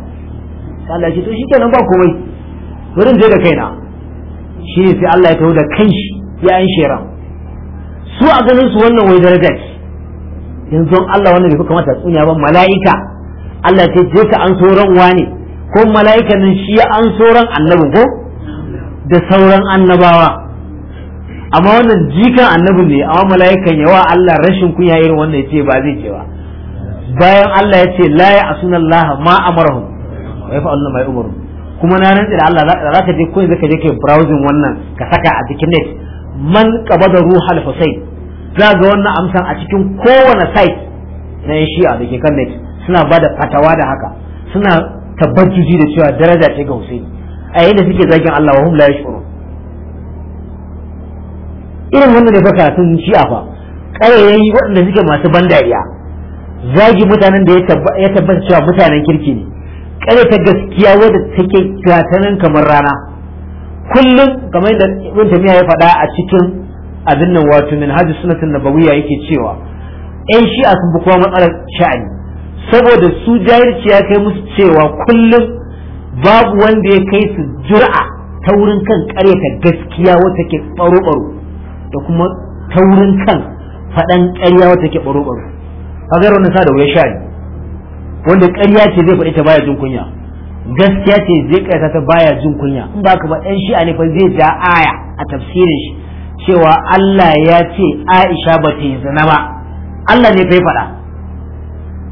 Allah ya ce to shikenan ba komai wurin je da kaina shi ne sai Allah ya taho da kanshi ya an shera su a ganin su wannan wai daraja ce yanzu Allah wannan bai kamata tsunya ba mala'ika Allah ya ce je ka an so ran wani ko mala'ikan nan shi an sauran annabin ko da sauran annabawa amma wannan jikan annabi ne amma mala'ikan yawa Allah rashin kunya irin wannan ya ce ba zai ce ba bayan Allah ya ce la ya Allah ma amarahum wa Allah mai yu'maru kuma na rantsi da Allah za ka je ko yanzu ka je kai browsing wannan ka saka a cikin net man qabada ruhal husayn za ga wannan amsan a cikin kowane site na yan shi'a da ke net suna bada fatawa da haka suna tabbajuji da cewa daraja ce ga Husaini a yayin da suke zagin Allah wa hum la yashurun irin wannan da baka sun a fa ƙarairayi waɗanda suke masu ban dariya zagi mutanen da ya tabbata cewa mutanen kirki ne kare ta gaskiya wadda take gatanan kamar rana kullum kamar yadda ibn tamiya ya faɗa a cikin abin nan wato min hajji sunatun nabawiyya yake cewa shi shi'a sun fi kowa matsalar sha'ani saboda su jahilci ya kai musu cewa kullum babu wanda ya kai su jura ta wurin kan karyata gaskiya wata ke baro-baro da kuma ta wurin kan faɗan karya wata ke baro-baro a gara wani sada wuya shari wanda karya ce zai faɗi ta baya jin kunya gaskiya ce zai karyata ta baya jin kunya in ba ka ba ɗan shi'a ne fa zai ja aya a tafsirin shi cewa Allah ya ce Aisha ba ta yi zina ba Allah ne bai faɗa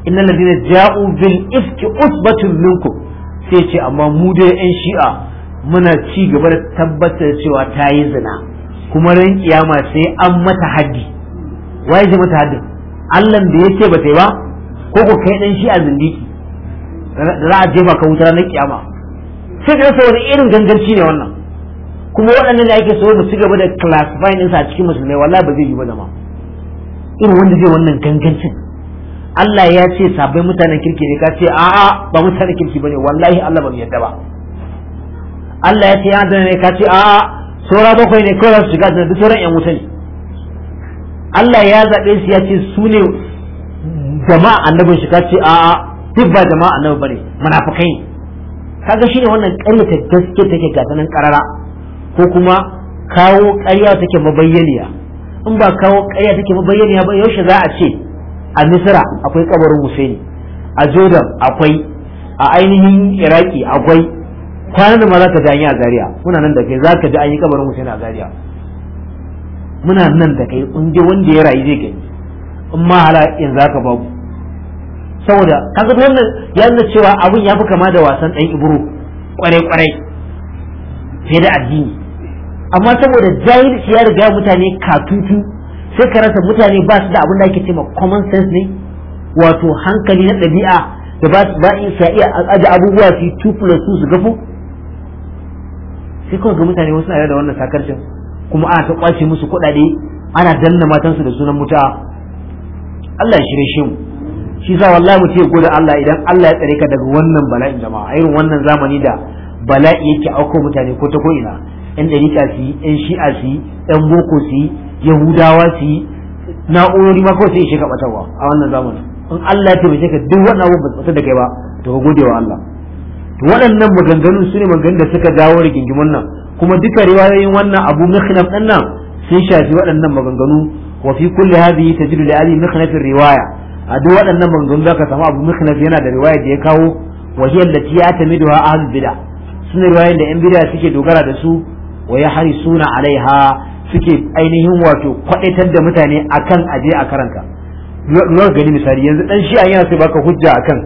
inna ladina ja'u bil ifki usbatun minkum sai ce amma mu da yan shi'a muna ci gaba da tabbatar cewa ta yi zina kuma ran kiyama sai an mata haddi waye ji mata haddi? Allah da yake ba sai ba ko ko kai dan shi'a zindiki da za a jefa ka wutar na kiyama sai da sai wani irin ganganci ne wannan kuma waɗannan da ake so mu ci gaba da classifying ɗinsa a cikin musulmai wallahi ba zai yi ba da ma irin wanda zai wannan gangancin Allah ya ce sabai mutanen kirki ne ka ce a'a ba mutanen kirki bane wallahi Allah ba mu yadda ba Allah ya ce ya dana ne ka ce a'a sora bakwai ne kawai su shiga da sauran yan wuta ne Allah ya zaɓe su ya ce su ne jama'a annabin shi ka ce a'a duk ba jama'a annabi bane munafikai ne kaga shine wannan karyata gaske take gata nan karara ko kuma kawo ƙarya take mabayyaniya in ba kawo ƙarya take mabayyaniya ba yaushe za a ce a Misira akwai kabarin husaini a jordan akwai a ainihin iraki akwai kwanan da ma za ka ji an yi a zaria muna nan da kai za ka ji an yi kabarin husaini a zaria muna nan da kai in wanda ya rayu zai gani in ma hala yanzu haka babu saboda kaga wannan ya nuna cewa abin ya fi kama da wasan dan ibro kwarai kwarai fiye da addini amma saboda jahilci ya riga mutane katutu sai ka rasa mutane ba su da abin da ake cewa common sense ne wato hankali na ɗabi'a da ba su ba'in sa iya aje abubuwa su yi plus two su gafu sai kawai ga mutane wasu na da wannan sakarcin kuma ana ta kwace musu kuɗaɗe ana danna matansu da sunan muta Allah ya shirye shi mu shi sa wallahi mu ce gode Allah idan Allah ya tsare ka daga wannan bala'in jama'a irin wannan zamani da bala'i yake auko mutane ko ta ko ina yan ɗarika su yi yan shi'a su yi yan boko su yi yahudawa su yi na'urori ma kawai sai shiga batarwa a wannan zamanin in Allah ya taimake ka duk wannan abubuwan ba da kai ba to ka gode wa Allah to waɗannan maganganun su ne maganganun da suka jawo rigingimun nan kuma duka riwayoyin wannan abu mikhnaf ɗin nan sun shafi waɗannan maganganu wa fi kulli hadhihi tajidu li ali mikhnaf riwaya a duk waɗannan maganganu zaka samu abu mikhnaf yana da riwaya da ya kawo wa hiya allati yatamiduha ahlul bid'ah suna riwayoyin da yan bid'a suke dogara da su wa ya hari suna alaiha suke ainihin wato kwadaitar da mutane akan aje a karanta lura gani misali yanzu dan shi yana sai baka hujja akan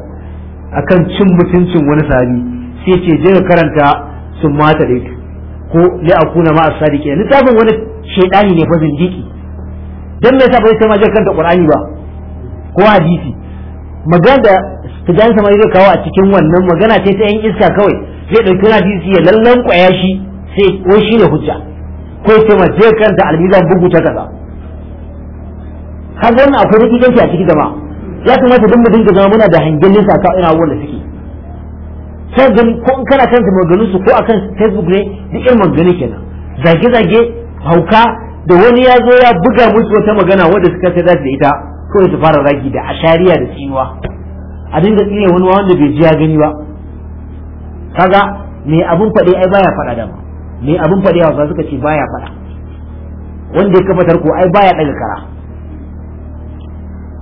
akan cin mutuncin wani sami sai ce je ka karanta sun mata da ko ya akuna ma ke yanzu. littafin wani shaidani ne fa zindiki dan me yasa ba sai ma je karanta qur'ani ba ko hadisi magana da tijani sama zai kawo a cikin wannan magana ce ta yan iska kawai zai dauki hadisi ya lallan kwaya shi sai ko shi ne hujja ko sai ma je da almizan bugu ta kaza kaga wannan akwai rikicinci a ciki jama'a ya kamata duk mu dinga zama muna da hangen nesa ka ina wanda da suke sai gani ko in kana kanta maganganun su ko akan facebook ne duk irin maganganun kenan zage-zage hauka da wani ya zo ya buga musu wata magana wanda suka sai dace da ita ko su fara ragi da ashariya da tsinuwa a dinga tsine wani wanda bai ji ya gani ba kaga me abun faɗi ai baya faɗa da me abin faɗi hausa suka ce baya faɗa wanda ya kafa tarko ai baya ɗaga kara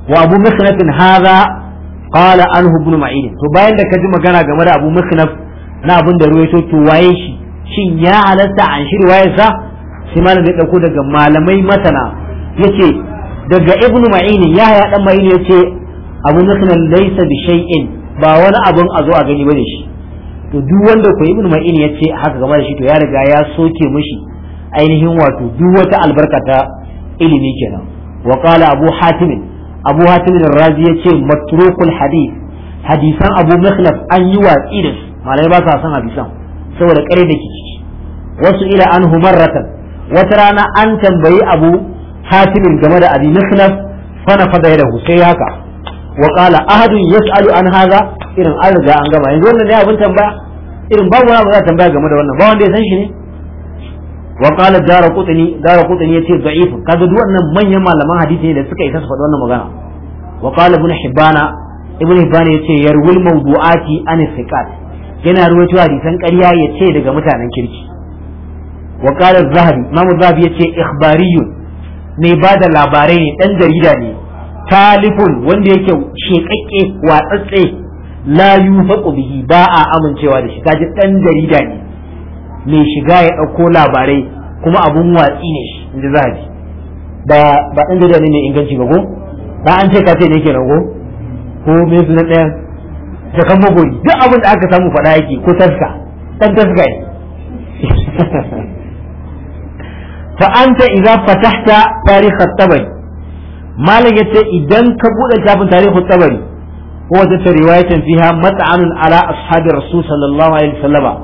wa abu in haza qala anhu ibn ma'in to bayan da ka ji magana game da abu mikhnaf na abin da ruwaito to waye shi shin ya halatta an shi sa sai malam ya dauko daga malamai masana yace daga ibn ma'in ya haya dan ma'in yace abu mikhnaf laysa bi shay'in ba wani abun a zo a gani ba da shi to duk wanda ko ibnu ma'in ya ce haka game da shi to ya riga ya soke mishi ainihin wato duk wata albarka ta ilimi kenan wa qala abu hatim abu hatim razi ya ce matrukul hadith hadisan abu makhlaf an yi watsi da su malai ba sa san hadisan saboda kare da ke ciki wasu ila an humarratan wata rana an tambayi abu hatimin game da abi makhlaf fa nafada yadahu sai haka wa qala ahadun yas'alu an hadha irin an riga an gama yanzu wannan ne abin tambaya irin babu wani abu za tambaya game da wannan ba wanda ya san shi ne wa qala dara qutni dara qutni yace da'if kaga duk wannan manyan malaman hadisi ne da suka isa su faɗi wannan magana wa qala ibn hibana ibn hibana yace yarwul mawdu'ati an thiqat yana ruwaito hadisan ƙarya yace daga mutanen kirki wa qala zahabi imamu zahabi yace ikhbariyun mai da labarai ne dan jarida ne talifun wanda yake shekakke watsatse la yufaqu bihi ba a amincewa da shi kaji dan jarida ne mai shiga ya dauko labarai kuma abun watsi ne shi inda za ji ba ba dan jarida ne mai inganci ba ko ba an ce kace ne kenan ko ko me suna ɗaya da kan magori duk abin da aka samu faɗa yake ko taska dan taska ne fa anta idza fatahta tarikh at-tabari malam yace idan ka bude tafin tarikh at-tabari ووجدت رواية فيها مطعن على أصحاب الرسول صلى الله عليه وسلم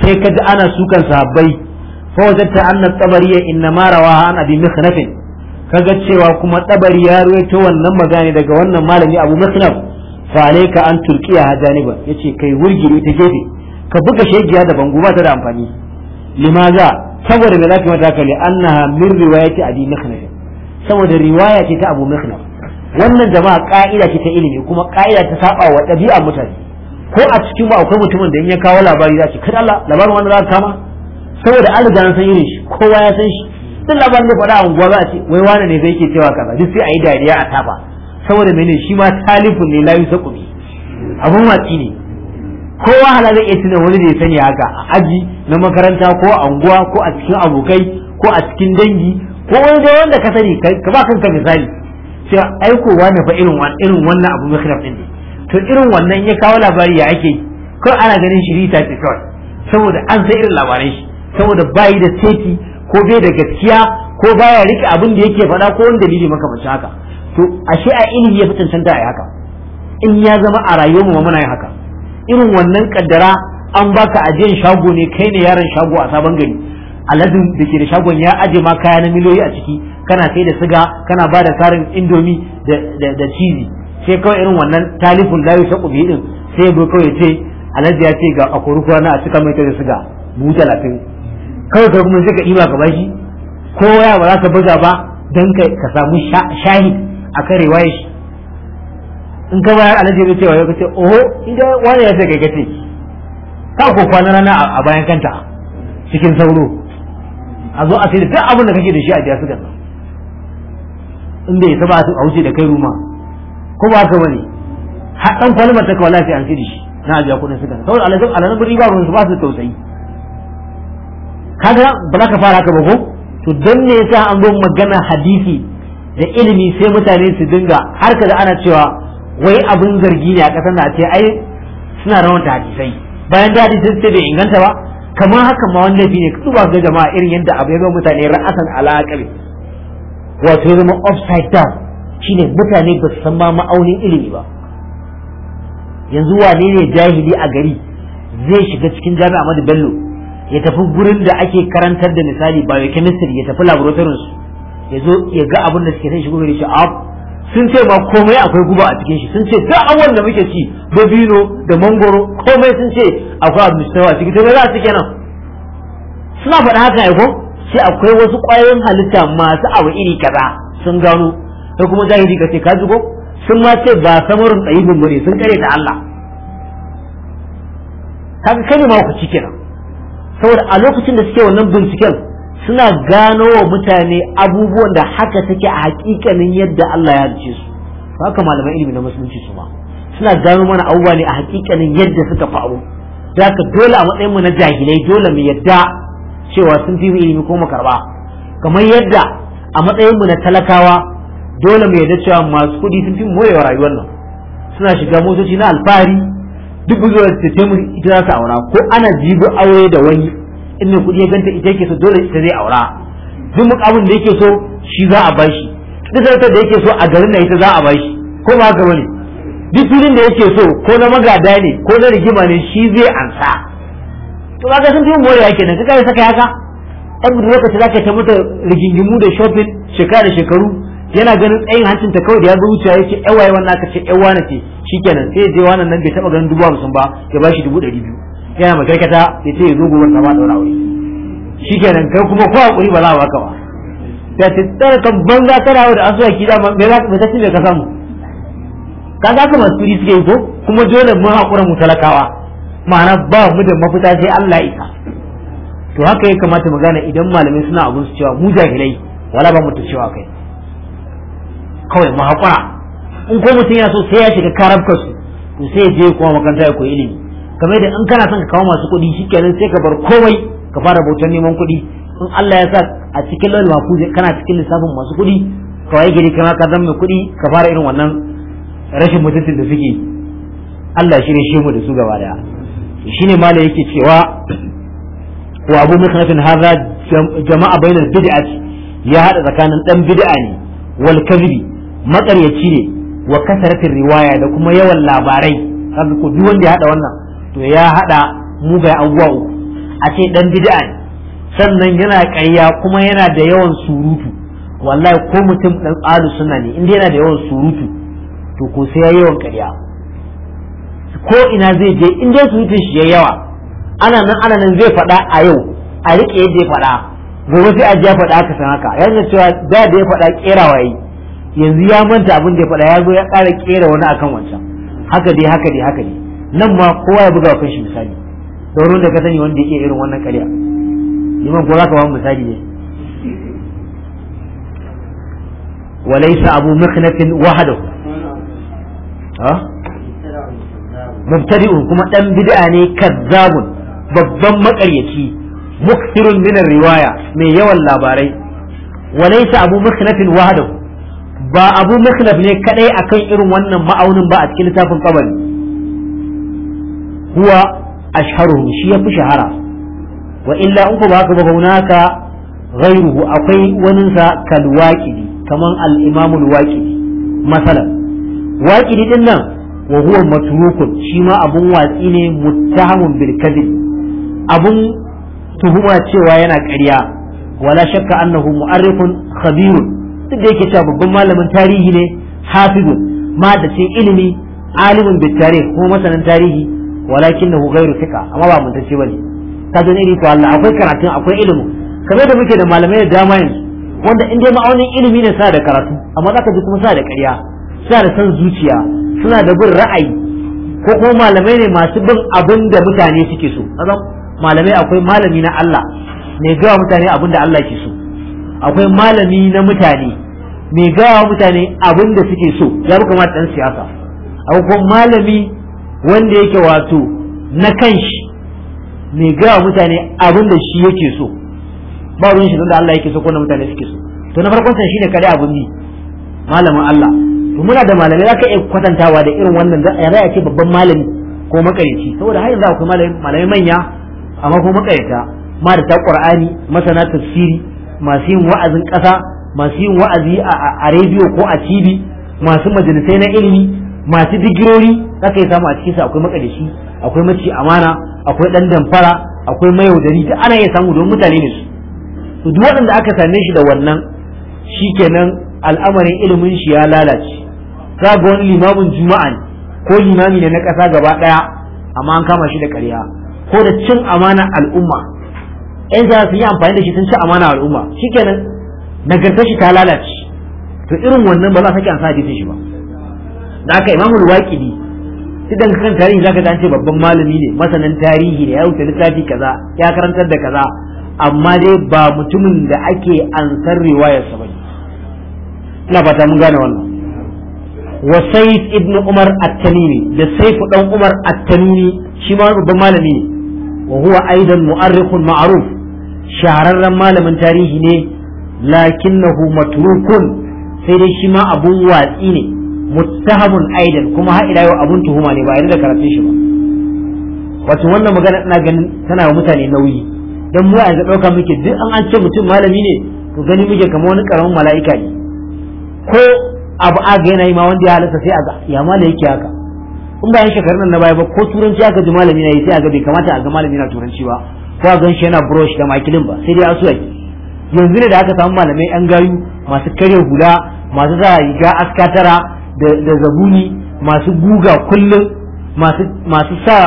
سيكد أنا سوكا صحابي فوجدت أن الطبرية إنما رواها عن أبي مخنف كذا cewa kuma tabari ya ruwaito wannan magani daga wannan malami Abu Musnad fa alayka an turkiya ha janiba yace kai wurgiri ta gefe ka buga shegiya da bangu ta da amfani limaza saboda me zaka mata kale annaha min saboda riwaya ce ta Abu wannan jama'a ka'ida ce ta ilimi kuma ka'ida ta saba wa ɗabi'a mutane ko a cikin mu akwai mutumin da in ya kawo labari za ce kada Allah labarin wani za kama saboda an riga san irin shi kowa ya san shi duk labarin da faɗa unguwa za a ce wai wane ne zai ke cewa kaza duk sai a yi dariya a tafa saboda mene shi ma talifin ne layu kumi, abun watsi ne kowa hala zai iya tunan wani da ya sani haka a aji na makaranta ko a unguwa ko a cikin abokai ko a cikin dangi ko wani dai wanda ka sani ka ba kanka misali Sai aikowa ne fa irin irin wannan abu khilaf din to irin wannan ya kawo labari ya ake ko ana ganin shirita ce kawai saboda an sai irin labaran shi saboda bayi da seti ko bai da gaskiya ko baya rike abin da yake faɗa ko wani dalili makamancin haka to ashe a ilimi ya fi cancanta a haka in ya zama a rayuwarmu muna yin haka irin wannan kaddara an baka ajiyar shago ne kai ne yaron shago a sabon gari aladun da ke da shagon ya aje ma kaya na miliyoyi a ciki kana sai da siga kana ba da tsarin indomi da cizi sai kawai irin wannan talifin layu shaƙu biyu din sai ya kawai ce alhaji ya ce ga akwai na a cika mai da siga buhu talatin kawai kai kuma sai ka ima ka bashi ya ba za ka buga ba don ka samu a kan riwaya shi in ka bayar alhaji ya cewa ya ce oho inda wani ya ce kai ce ka ko kwana rana a bayan kanta cikin sauro a zo a sai da duk abin da kake da shi a biya su gasa in bai saba a wuce da kai ruma ko ba ka bane haɗan kwalmar ta kawai lafiya an sai da shi na biya kuɗin su gasa saboda alazan alalan birni ba su ba su tausayi kaga ba za ka fara haka ba ko to don me yasa an zo magana hadisi da ilimi sai mutane su dinga har da ana cewa wai abin zargi ne a ƙasar na ce ai suna rawanta hadisai bayan da hadisai sai bai inganta ba kamar haka ma wani laifi ne duba ga jama'a irin yadda abu ya mutane ra'asan ne wato ya zama upside down shine mutane ba su san ma ma'aunin ilimi ba yanzu wane ne jahili a gari zai shiga cikin jami'a madu Bello ya tafi gurin da ake karantar da misali biochemistry ya tafi laboratorin su ya zo ya ga abin da suke sai shigo gari shi sun ce ma komai akwai guba a cikin shi sun ce duk awon da muke ci babino da mangoro komai sun ce akwai abu mai a cikin to za su kenan suna faɗa haka ya ko sai akwai wasu ƙwayoyin halitta masu abu iri kaza sun gano sai kuma zahiri ka ce ka ji ko sun ma ce ba samarin tsayibin bane sun kare da Allah kaga kai ne ma ku ci kenan saboda a lokacin da suke wannan binciken suna gano wa mutane abubuwan da haka take a hakikanin yadda Allah ya rice su haka malaman ilimi na musulunci su ma suna gano mana abubuwa ne a hakikanin yadda suka faru da ka dole a matsayin na jahilai dole mu yadda cewa sun fi ilimi ko makarba kamar yadda a matsayin na talakawa dole mu yadda cewa masu kuɗi sun fi wa rayuwar nan suna shiga motoci na alfahari duk zuwa su ita za su aura ko ana jibi aure da wani in ne kuɗi ya ganta ita yake so dole ita zai aura duk mukamin da yake so shi za a bashi duk sarauta da yake so a garin na ita za a bashi ko ba haka bane duk filin da yake so ko na magada ne ko na rigima ne shi zai ansa to ga sun fi moriya nan kaka ya saka haka ɗan gudu lokaci za ka ta mata rigingimu da shopping shekara da shekaru yana ganin tsayin hancinta kawai da ya zo wuciya yake yawa wannan aka ce yawa na ce shikenan sai je wannan nan bai taba ganin dubu hamsin ba ya bashi dubu ɗari biyu yana mai karkata ya ce ya zo gobe sama daura aure shikenan kai kuma ko hakuri ba za a baka ba da ta tsara kan banza rawa da asuwa ki me mai ka tace me ka samu ka za ka masu turi suke ko kuma dole mun hakura mu talakawa ma'ana ba mu da mafita sai Allah isa to haka ya kamata mu gane idan malamai suna abun su cewa mu jahilai wala ba mu ta cewa kai kawai mu hakura in ko mutum ya so sai ya shiga karabkar su to sai ya je kuma makaranta ya koyi ilimi kamar da in kana son ka kawo masu kuɗi shikenan sai ka bar komai ka fara bautar neman kuɗi in Allah ya sa a cikin lawal mafuz kana cikin lissafin masu kuɗi ka waye gari kana ka zama mai kuɗi ka fara irin wannan rashin mutuncin da suke Allah shi ne shemu da su gaba daya shine mala yake cewa wa abu musnafin hadha jama'a bainal bid'ati ya hada tsakanin dan bid'a ne wal kadhibi ya ne wa kasaratin riwaya da kuma yawan labarai kaga ko duk wanda ya hada wannan to ya hada mugaye abubuwa uku a ce dan bid'a sannan yana ƙarya kuma yana da yawan surutu wallahi ko mutum dan alu sunna ne inda yana da yawan surutu to ko sai ya yawan ƙarya ko ina zai je in dai surutun shi ya yawa ana nan ana nan zai faɗa a yau a riƙe yadda ya faɗa gobe sai a ji ya faɗa aka san haka yanzu cewa da da ya faɗa ƙerawa yi yanzu ya manta abin da ya faɗa ya zo ya ƙara ƙera wani akan wancan haka dai haka dai haka dai nan ma kowa ya buga kan shi misali sauran da ka sani wanda yake irin wannan ƙarya liman ko za ka wani misali ne وليس أبو مخنف وحده ها kuma dan دان بدعة ne kazzabun babban makaryaci muktirun min riwaya mai yawan labarai walaysa abu mukhnaf wahdahu ba abu mukhnaf ne kadai akan irin wannan ma'aunin ba a cikin littafin qabari huwa ashharuhum shi ya fi shahara wa illa in ba haka ba hunaka ghairuhu akwai wani sa kal waqidi kaman al imam al waqidi masalan waqidi din nan wa huwa matrukun shi ma abun watsi ne muttahamun bil kadhib abun tuhuma cewa yana ƙarya wala shakka annahu mu'arrifun khabirun duk da yake cewa babban malamin tarihi ne hafizun ma da ce ilimi alimin bil kuma masanan tarihi Walakin walakinahu ghairu thiqa amma ba mun tace bane ka zo ne to Allah akwai karatun akwai ilimi kamar da muke da malamai da dama yanzu wanda inda ma ma'aunin ilimi ne suna da karatu amma zaka ji kuma suna da ƙarya suna da san zuciya suna da bin ra'ayi ko kuma malamai ne masu bin abin da mutane suke so malamai akwai malami na Allah mai gawa mutane abin da Allah ke so akwai malami na mutane mai gawa mutane abin da suke so ya bi dan siyasa akwai malami wanda yake wato na kan shi mai gawa mutane abin da shi yake so ba ruwan shi da Allah yake so ko mutane suke so to na farkon shi ne kare abun ni malamin Allah to muna da malamai zaka iya kwatantawa da irin wannan da a rayace babban malami ko makarici saboda har yanzu akwai malamai manya amma ko makarita ma da ta Qur'ani masana tafsiri masu yin wa'azin kasa masu yin wa'azi a rediyo ko a TV masu majalisai na ilimi masu digirori za ka yi samu a cikinsa akwai makadashi akwai mace amana akwai dan damfara akwai mayaudari da ana iya samu don mutane ne su to duk waɗanda aka same shi da wannan shikenan al'amarin ilimin shi ya lalace ka ga wani limamin juma'a ne ko limami ne na ƙasa gaba ɗaya amma an kama shi da ƙarya ko da cin amana al'umma yan za su yi amfani da shi sun ci amana al'umma shikenan nagartar shi ta lalace to irin wannan ba za a sake an sa hadisin shi ba da imamu imamul ne idan ka kan tarihi zaka ka ce babban malami ne masanin tarihi ne ya wuce littafi kaza ya karantar da kaza amma dai ba mutumin da ake ansar riwayar sa bane ina fata mun gane wannan wa sayyid ibn umar at-tamimi da saifu dan umar at-tamimi shi ma babban malami ne wa huwa aidan mu'arrikhun ma'ruf shahararren malamin tarihi ne lakinnahu matrukun sai dai shi ma abun watsi ne muttahamun aidan kuma har ila yau abun tuhuma ne ba yanzu da karatun shi ba wato wannan magana ina ganin tana wa mutane nauyi dan mu yanzu dauka muke duk an an ce mutum malami ne to gani muke kamar wani karamin mala'ika ne ko abu aga yana yi ma wanda ya halatta sai ga ya mala yake haka in bayan shekarun nan na baya ba ko turanci aka ji malami na yi sai ga bai kamata a ga malami na turanci ba ko a gan shi yana brush da makilin ba sai dai asu yake yanzu ne da aka samu malamai yan gayu masu karya hula masu za riga askatara da zabuni masu guga kullum masu sa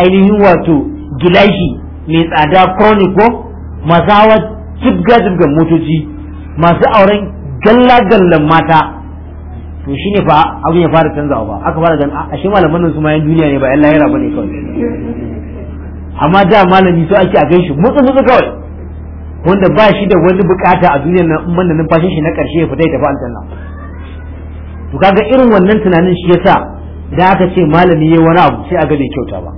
ainihin wato gilashi mai tsada chronic ko masu hawa jibga jibga motoci masu auren gallagallan mata to shi ne fa abin ya fara canzawa ba aka fara gan shi malaman nan su ma yan duniya ne ba yan lahira ne kawai amma da malami to ake a gan shi mutsu mutsu kawai wanda ba shi da wani bukata a duniyar nan in banda numfashin shi na karshe ya fita ya tafi aljanna to kaga irin wannan tunanin shi yasa da aka ce malami yayi wani abu sai a ga bai kyauta ba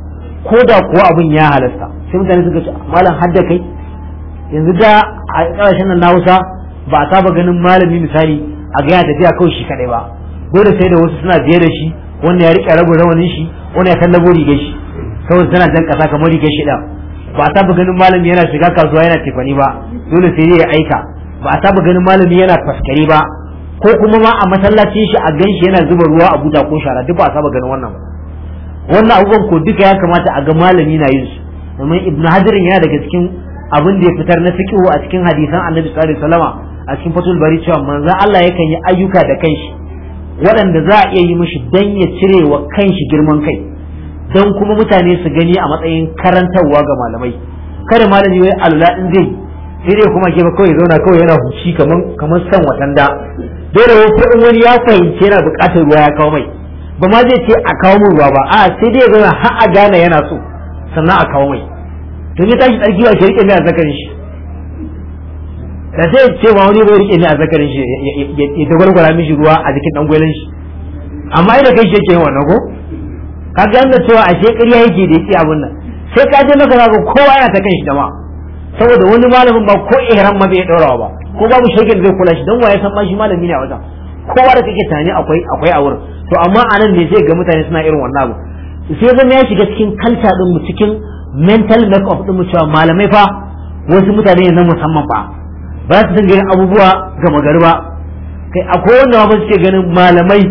ko da kuwa abin ya halasta sai mutane suka ce malam hadda kai yanzu da a ƙarshen nan na Hausa ba a saba ganin malami misali a ga ya tafiya kawai shi kadai ba dole sai da wasu suna biye da shi wanda ya rike rabu rawanin shi wanda ya tallabo rigar shi saboda tana jan kasa kamar rigar shi dan ba a saba ganin malami yana shiga kasuwa yana tifani ba dole sai ya aika ba a saba ganin malami yana faskare ba ko kuma ma a masallacin shi a gan shi yana zuba ruwa a guda ko shara duk ba saba ganin wannan wannan abubuwan ko duka ya kamata a ga malami na yin su domin ibnu hajarin yana daga cikin abin da ya fitar na fiqhu a cikin hadisan annabi sallallahu alaihi wasallam a cikin fatul bari cewa manzo Allah yakan yi ayyuka da kanshi waɗanda za a iya yi mishi dan ya cire wa kanshi girman kai dan kuma mutane su gani a matsayin karantarwa ga malamai kada malami wai alula in zai sai dai kuma ke kawai zauna kawai yana huci kaman kaman san da. dole ne ko in wani ya fahimci yana buƙatar ruwa ya kawo mai ba ma zai ce a kawo min ruwa ba a sai dai zama har a gane yana so sannan a kawo mai to ni tashi tsarki ba shi rike a zakarin shi da sai ce ma wani bai rike a zakarin shi ya dagwargwara mishi ruwa a jikin dan gwelin shi amma ina kai shi yake yin wannan ko ka ga cewa a shekariya yake da yake abun nan sai ka je na ga kowa yana ta kan shi da ma. saboda wani malamin ba ko ihram ma bai daurawa ba ko babu shegen zai kula shi dan waye san ma shi malami ne a wajen kowa da kake tani akwai akwai a wurin to amma anan ne zai ga mutane suna irin wannan abu sai zan ya shiga cikin kalta din mu cikin mental make of din mu cewa malamai fa wasu mutane ne na musamman fa ba su dinga yin abubuwa ga magari ba kai akwai wanda ba suke ganin malamai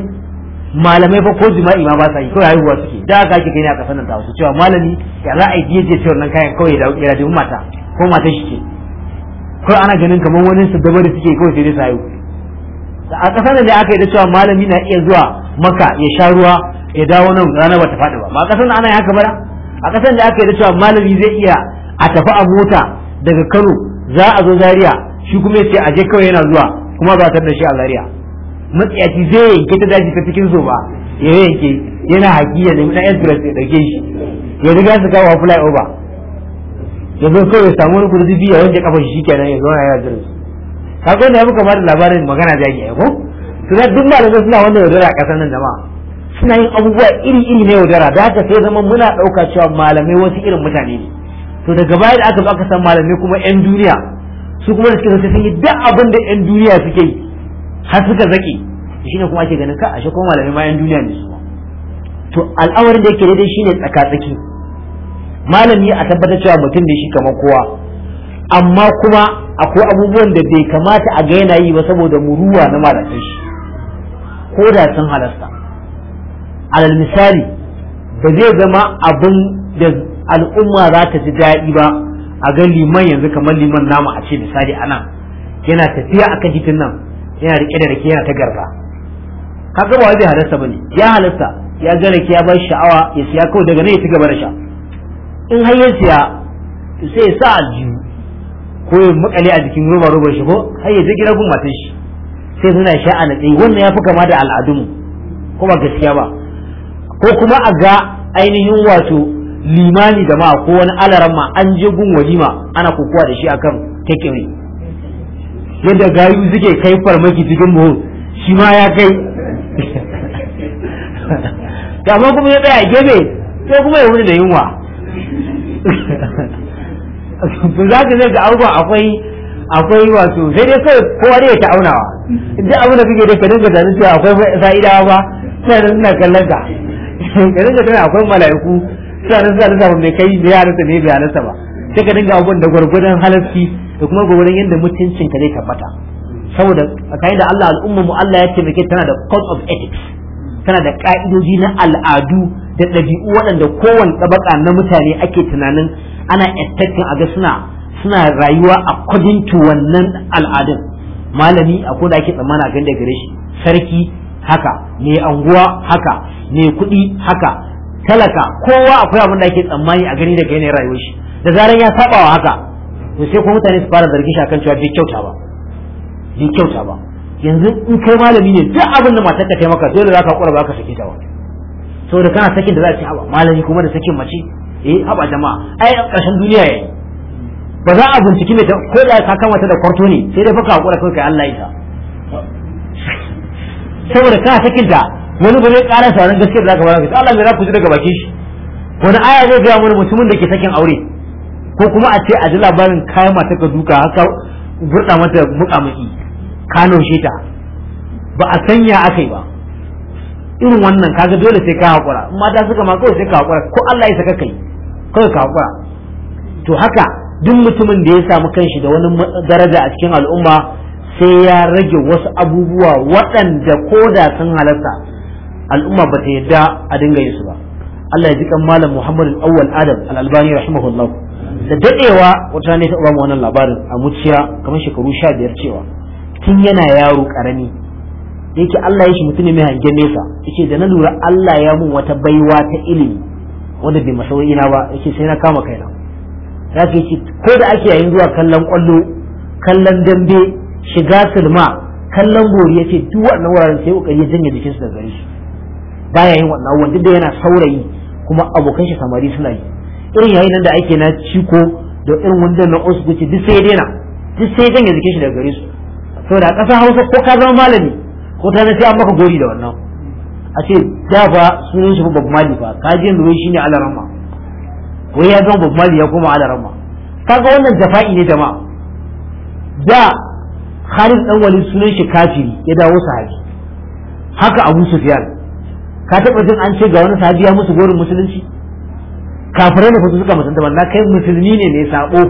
malamai fa ko jima'i ma ba sa yi kawai haihuwa suke da aka ake gani a kasan nan ta wasu cewa malami ya za a yi je cewa nan kayan kawai da ya mata ko mata shi ce ko ana ganin kamar wani su gaba da suke kawai sai dai su a ƙasar da aka yi da cewa malami na iya zuwa maka ya sha ruwa ya dawo nan rana ba ta faɗi ba ba a ƙasar da ana yi haka ba a ƙasar da aka yi da cewa malami zai iya a tafi a mota daga Kano za a zo Zaria shi kuma ya ce a je kawai yana zuwa kuma ba tar da shi a Zaria matsayaci zai yanke ta daji ta cikin ba ya yanke yana haƙi ya nemi na express ya ɗauke shi ya riga su kawo fly over yanzu kawai samu wani zubi biya wanda kafa shi kenan ya zauna ya jiran su ka wanda ya muka ba da labarin magana da yake ko to da duk malamai suna wanda yaudara a kasar nan jama'a suna yin abubuwa iri iri na yaudara da haka sai zama muna ɗauka cewa malamai wasu irin mutane ne to daga baya da aka zo aka san malamai kuma yan duniya su kuma da suke sai sun yi duk abin da yan duniya suke yi har suka zaki ne kuma ake ganin ka ashe kuma malamai ma yan duniya ne su to al'amarin da yake daidai shine tsaka-tsaki malami a tabbatar cewa mutum da shi kamar kowa amma kuma akwai abubuwan da bai kamata a ga yana yi ba saboda muruwa na malamai shi ko da sun halasta alal misali ba zai zama abin da al'umma za ta ji daɗi ba a ga liman yanzu kamar liman nama a ce misali anan yana tafiya kan hitin nan yana rike da rake yana ta garba kaga ba zai halasta ba ne, ya halasta ya ga rake ya ba sha'awa ya siya kawai daga nan ya ci gaba da sha in har ya siya to sai ya sa aljihu ko ya makale a jikin roba roba shi ko har ya jigira gun matan shi sai suna sha a natsi wannan ya fi kama da al'adunmu ko ba gaskiya ba ko kuma a ga ainihin wato limani da ma ko wani alaramma an je gun walima ana kokowa da shi akan takewe yadda gayu suke kai farmaki cikin buhun shi ma ya kai amma kuma ya tsaya gebe sai kuma ya wuri da yunwa to za ka zai ga abubuwa akwai akwai wato sai dai sai kowa dai ya ta aunawa duk abin da kake da ka dinga zanen cewa akwai fa'idawa ba sai da ina kallon ka ka dinga tana akwai mala'iku sai da sai zama mai kai da yaran sa ne bai halarta ba sai ka dinga abun da gwargwadon halarci da kuma gwargwadon yadda mutuncin ka zai tabbata saboda a kai da Allah al'umma mu Allah ya taimake tana da code of ethics tana da ka'idoji na al'adu da ɗabi'u waɗanda kowane ɗabaka na mutane ake tunanin ana expecting a ga suna suna rayuwa a kudin wannan al'adun malami a da ake tsammana a ganda gare shi sarki haka mai anguwa haka mai kuɗi haka talaka kowa akwai abin da ake tsammani a gani daga yanayin rayuwar shi da zaran ya saba wa haka to sai kuma mutane su fara zargin shi akan cewa bai kyauta ba bai kyauta ba yanzu in kai malami ne duk abin da matar ka taimaka dole za ka kura ba ka sake ta ba da kana sakin da za a ce haba malami kuma da sakin mace eh haba jama'a ai karshen duniya yayi ba za a binciki mai ko da ka kamata da kwarto ne sai dai baka hakura kai kai Allah sa. saboda ka sakin da wani ba zai ƙara sauran gaskiya da zaka ba Allah mai rafu daga bakin shi wani aya zai ga wani mutumin da ke sakin aure ko kuma a ce a ji labarin kayan mata ka duka haka burda mata muƙamuƙi ka naushe ta ba a sanya akai ba irin wannan kaga dole sai ka hakura mata suka ma kawai sai ka hakura ko Allah ya saka kai kawai ka hakura to haka duk mutumin da ya samu kanshi da wani daraja a cikin al'umma sai ya rage wasu abubuwa waɗanda ko da sun halarta al'umma ba ta yadda a dinga yin su ba Allah ya ji kan malam Muhammadu al-Awwal Adam al-Albani rahimahullah da dadewa wata ne ta ba mu wannan labarin a muciya kamar shekaru 15 cewa tun yana yaro karami yake Allah ya shi mutum mai hangen nesa yake da na lura Allah ya mun wata baiwa ta ilimi wanda bai masa ina ba yake sai na kama kaina za ka ko da ake yayin zuwa kallon kwallo kallon dambe shiga silma kallon gori yace duk wannan wuraren sai kokari ya janye jikin su daga gari. shi ya yin wannan abubuwan duk da yana saurayi kuma abokan shi samari suna yi irin yayin da ake na ciko da irin wanda na osu duk sai daina duk sai janye jikin shi da gari. su saboda a ƙasar Hausa ko ka zama malami ko ta sai an maka gori da wannan a ce da fa sunan shi babu mali fa ka je ruwan ne alarama ko ya zama babu mali ya koma alarama kaga wannan jafa'i ne jama'a da Khalid dan wali sunan shi kafiri ya dawo sahabi haka Abu Sufyan ka taba jin an ce ga wani sahabi ya musu gorin musulunci kafirai ne fa suka musu da na kai musulmi ne mai sabo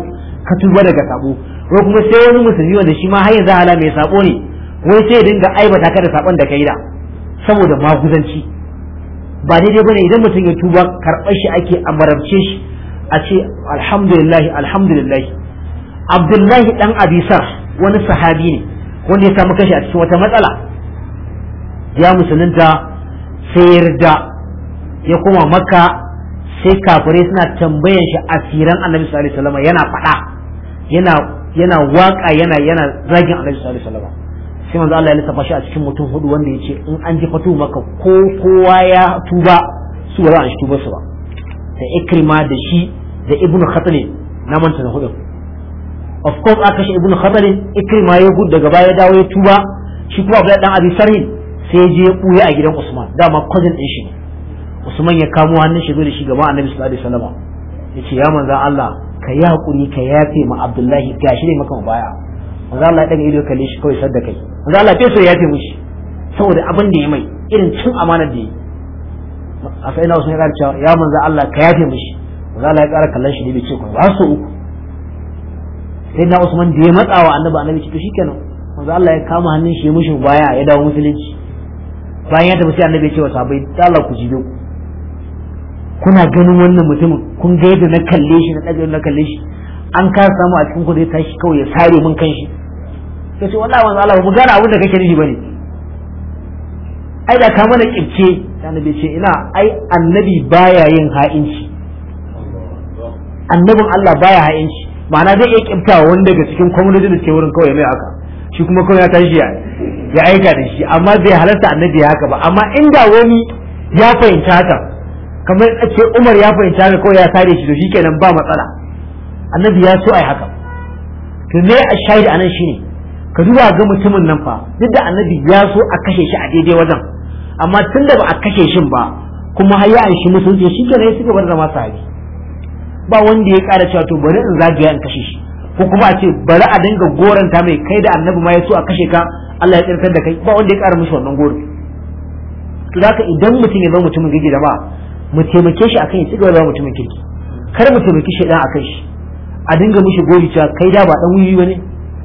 ka tuba daga sabo ko kuma sai wani musulmi wanda shi ma har yanzu hala mai sabo ne wai sai dinga aibata ka da saban da kai da saboda maguzanci ba daidai bane idan mutum ya tuba karɓar shi ake amarabce shi a ce alhamdulillah alhamdulillah abdullahi dan abisar wani sahabi ne wanda ya samu kashi a cikin wata matsala ya musulunta sai yarda ya koma makka sai kafirai suna tambayan shi asiran annabi sallallahu alaihi wasallam yana faɗa yana yana waka yana yana zagin annabi sallallahu alaihi wasallam sai manzo Allah ya lissafa shi a cikin mutum hudu wanda yace in an ji fatu maka ko kowa ya tuba su ba za a shi tuba su ba da ikrima da shi da ibnu khatalin na manta da hudun of course aka shi ibnu khatalin ikrima ya gudu daga baya ya dawo ya tuba shi kuma abu dan abi sarhin sai je ya buya a gidan usman dama cousin din shi usman ya kamo hannun shi da shi gaba annabi sallallahu alaihi wasallam yace ya manzo Allah ka yi hakuri ka yafe ma abdullahi gashi ne maka baya manzo Allah ya dan ido kalle shi kawai sadda kai manzo Allah bai ya fi mushi saboda abin da ya mai irin cin amanar da ya a sai na wasu ya ƙara cewa ya manzo Allah ka ya yafe mushi manzo Allah ya ƙara kallon shi ne bai ce ko ba su uku sai na Usman da ya matsawa annabi annabi ce to shikenan manzo Allah ya kama hannun shi ya mushi baya ya dawo musulunci bayan ya tafi sai annabi ya ce wa sahabbai Allah ku jibe ku kuna ganin wannan mutumin kun ga yadda na kalle shi na ɗaga na kalle shi an ka samu a cikin kuɗi tashi kawai ya sare mun kan shi sai ce wallahi manzo Allah mu gana abin da kake nufi bane ai da ka mana kibce annabi ce ina ai annabi baya yin ha'inci annabin Allah baya ha'inci ma'ana zai iya kibta wanda daga cikin kwamnati da ke wurin kawai mai haka shi kuma kawai ya tashi ya aika da shi amma bai halarta annabi ya haka ba amma inda wani ya fahimta haka kamar a ce Umar ya fahimta haka kawai ya sare shi to shikenan ba matsala annabi ya so ai haka to me a shaida anan shine ka duba ga mutumin nan fa duk da annabi ya so a kashe shi a daidai wajen amma tun da ba a kashe shi ba kuma har ya musu mutunci shi ke ne suka bar zama sahabi ba wanda ya kara cewa to bari in zagaya in kashe shi ko kuma a ce bari a dinga goranta mai kai da annabi ma ya so a kashe ka Allah ya tsirkar da kai ba wanda ya kara mishi wannan gorin to zaka idan mutum ya zama mutumin gidi da ba mu taimake shi akan ya cigaba da mutumin kirki kar mu taimake shi dan akan shi a dinga mishi goyi cewa kai da ba dan wuyi bane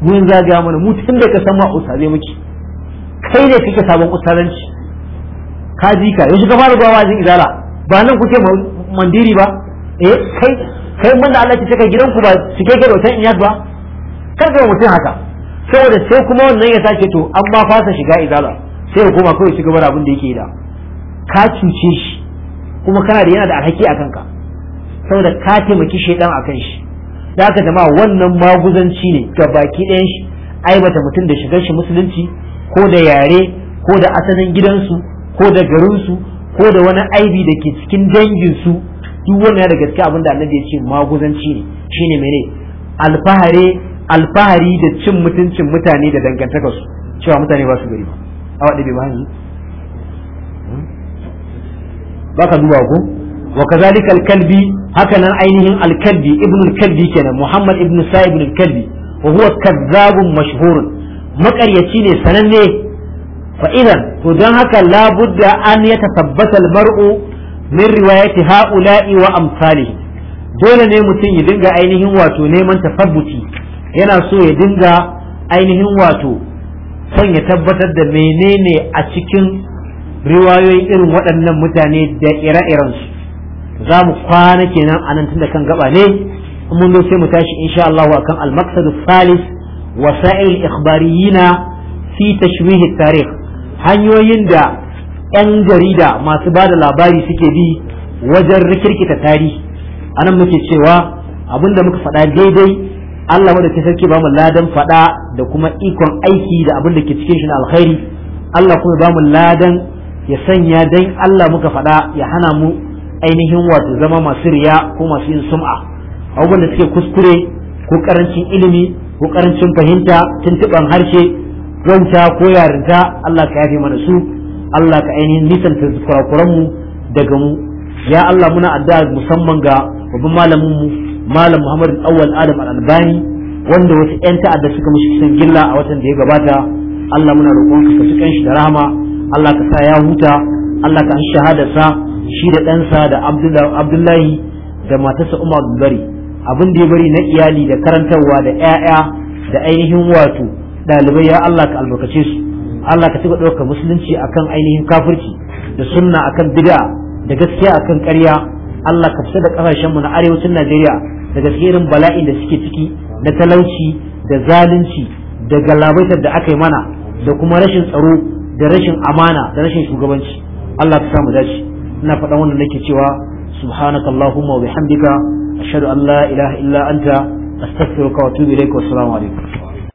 mu zagaya mana mu tun da ka san ma zai muke kai ne kike sabon ustazanci ka ji ka yanzu ka fara wajin izala ba nan kuke mandiri ba eh kai kai mun da Allah ya gidan gidanku ba cike ke da wata ba kar ka mutum haka saboda sai kuma wannan ya sake to an ba fasa shiga izala sai hukuma kawai shiga bar abin da yake da ka cuce shi kuma kana da yana da alhaki a kanka saboda ka taimaki shedan a kan shi da aka jama'a wannan maguzanci ne ga baki ɗayan shi aibata mutum da shigar shi musulunci ko da yare ko da asalin gidansu ko da garinsu ko da wani aibi da ke cikin danginsu duk wannan da gaske abin da annabi ya ce maguzanci ne shine mene alfahari alfahari da cin mutuncin mutane da dangantakarsu cewa mutane ba su gari ba a waɗanda bai hmm? ba ka duba ko wa kalbi haka nan ainihin al-kalbi ibn al muhammad Ibnu sa'ib ibn al-kalbi wa huwa kadzabun mashhur makaryaci ne sananne fa'idan. to don haka la budda an yatasabbata al-mar'u min riwayati ha'ula'i wa amsalihi dole ne mutum ya dinga ainihin wato neman tasabbuti yana so ya dinga ainihin wato son ya tabbatar da menene a cikin riwayoyin irin waɗannan mutane da ire-irensu za mu kwana kenan a nan tunda kan gaba ne in mun zo sai mu tashi insha Allah akan al-maqsad salis wasa'il ikhbariyina fi tashwih tarikh hanyoyin da 'yan jarida masu ba da labari suke bi wajen rikirkita tarihi anan muke cewa abinda muka faɗa daidai Allah madauki sarki ba mu ladan faɗa da kuma ikon aiki da abin da ke cikin shi na alkhairi Allah kuma ba mu ladan ya sanya dan Allah muka faɗa ya hana mu ainihin wato zama masu riya ko masu yin sum'a abubuwan da suke kuskure ko karancin ilimi ko karancin fahimta tuntuban harshe rauta ko yarinta Allah ka yafe mana su Allah ka ainihin nisanta kurakuran mu daga mu ya Allah muna addu'a musamman ga babban malamin mu malam Muhammad Awwal Adam Al-Albani wanda wasu 'yan ta'adda suka mishi kisan gilla a watan da ya gabata Allah muna roƙonka ka ci kanshi da rahama Allah ka sa ya huta Allah ka an shahadarsa shi da ɗansa da abdullahi da matarsa umar bari abin da ya bari na iyali da karantarwa da 'ya'ya da ainihin wato ɗalibai ya Allah ka albarkace su Allah ka cika ɗaukar musulunci akan ainihin kafirci da sunna akan bid'a da gaskiya akan ƙarya Allah ka fita da mu na arewacin Najeriya da gaskiya irin bala'in da suke ciki na talauci da zalunci da galabaitar da aka yi mana da kuma rashin tsaro da rashin amana da rashin shugabanci Allah ka samu dace ina faɗan wannan nake cewa subhanaka allahumma wa bihamdika ashhadu an la ilaha illa anta astaghfiruka wa atubu ilaik wa assalamu alaikum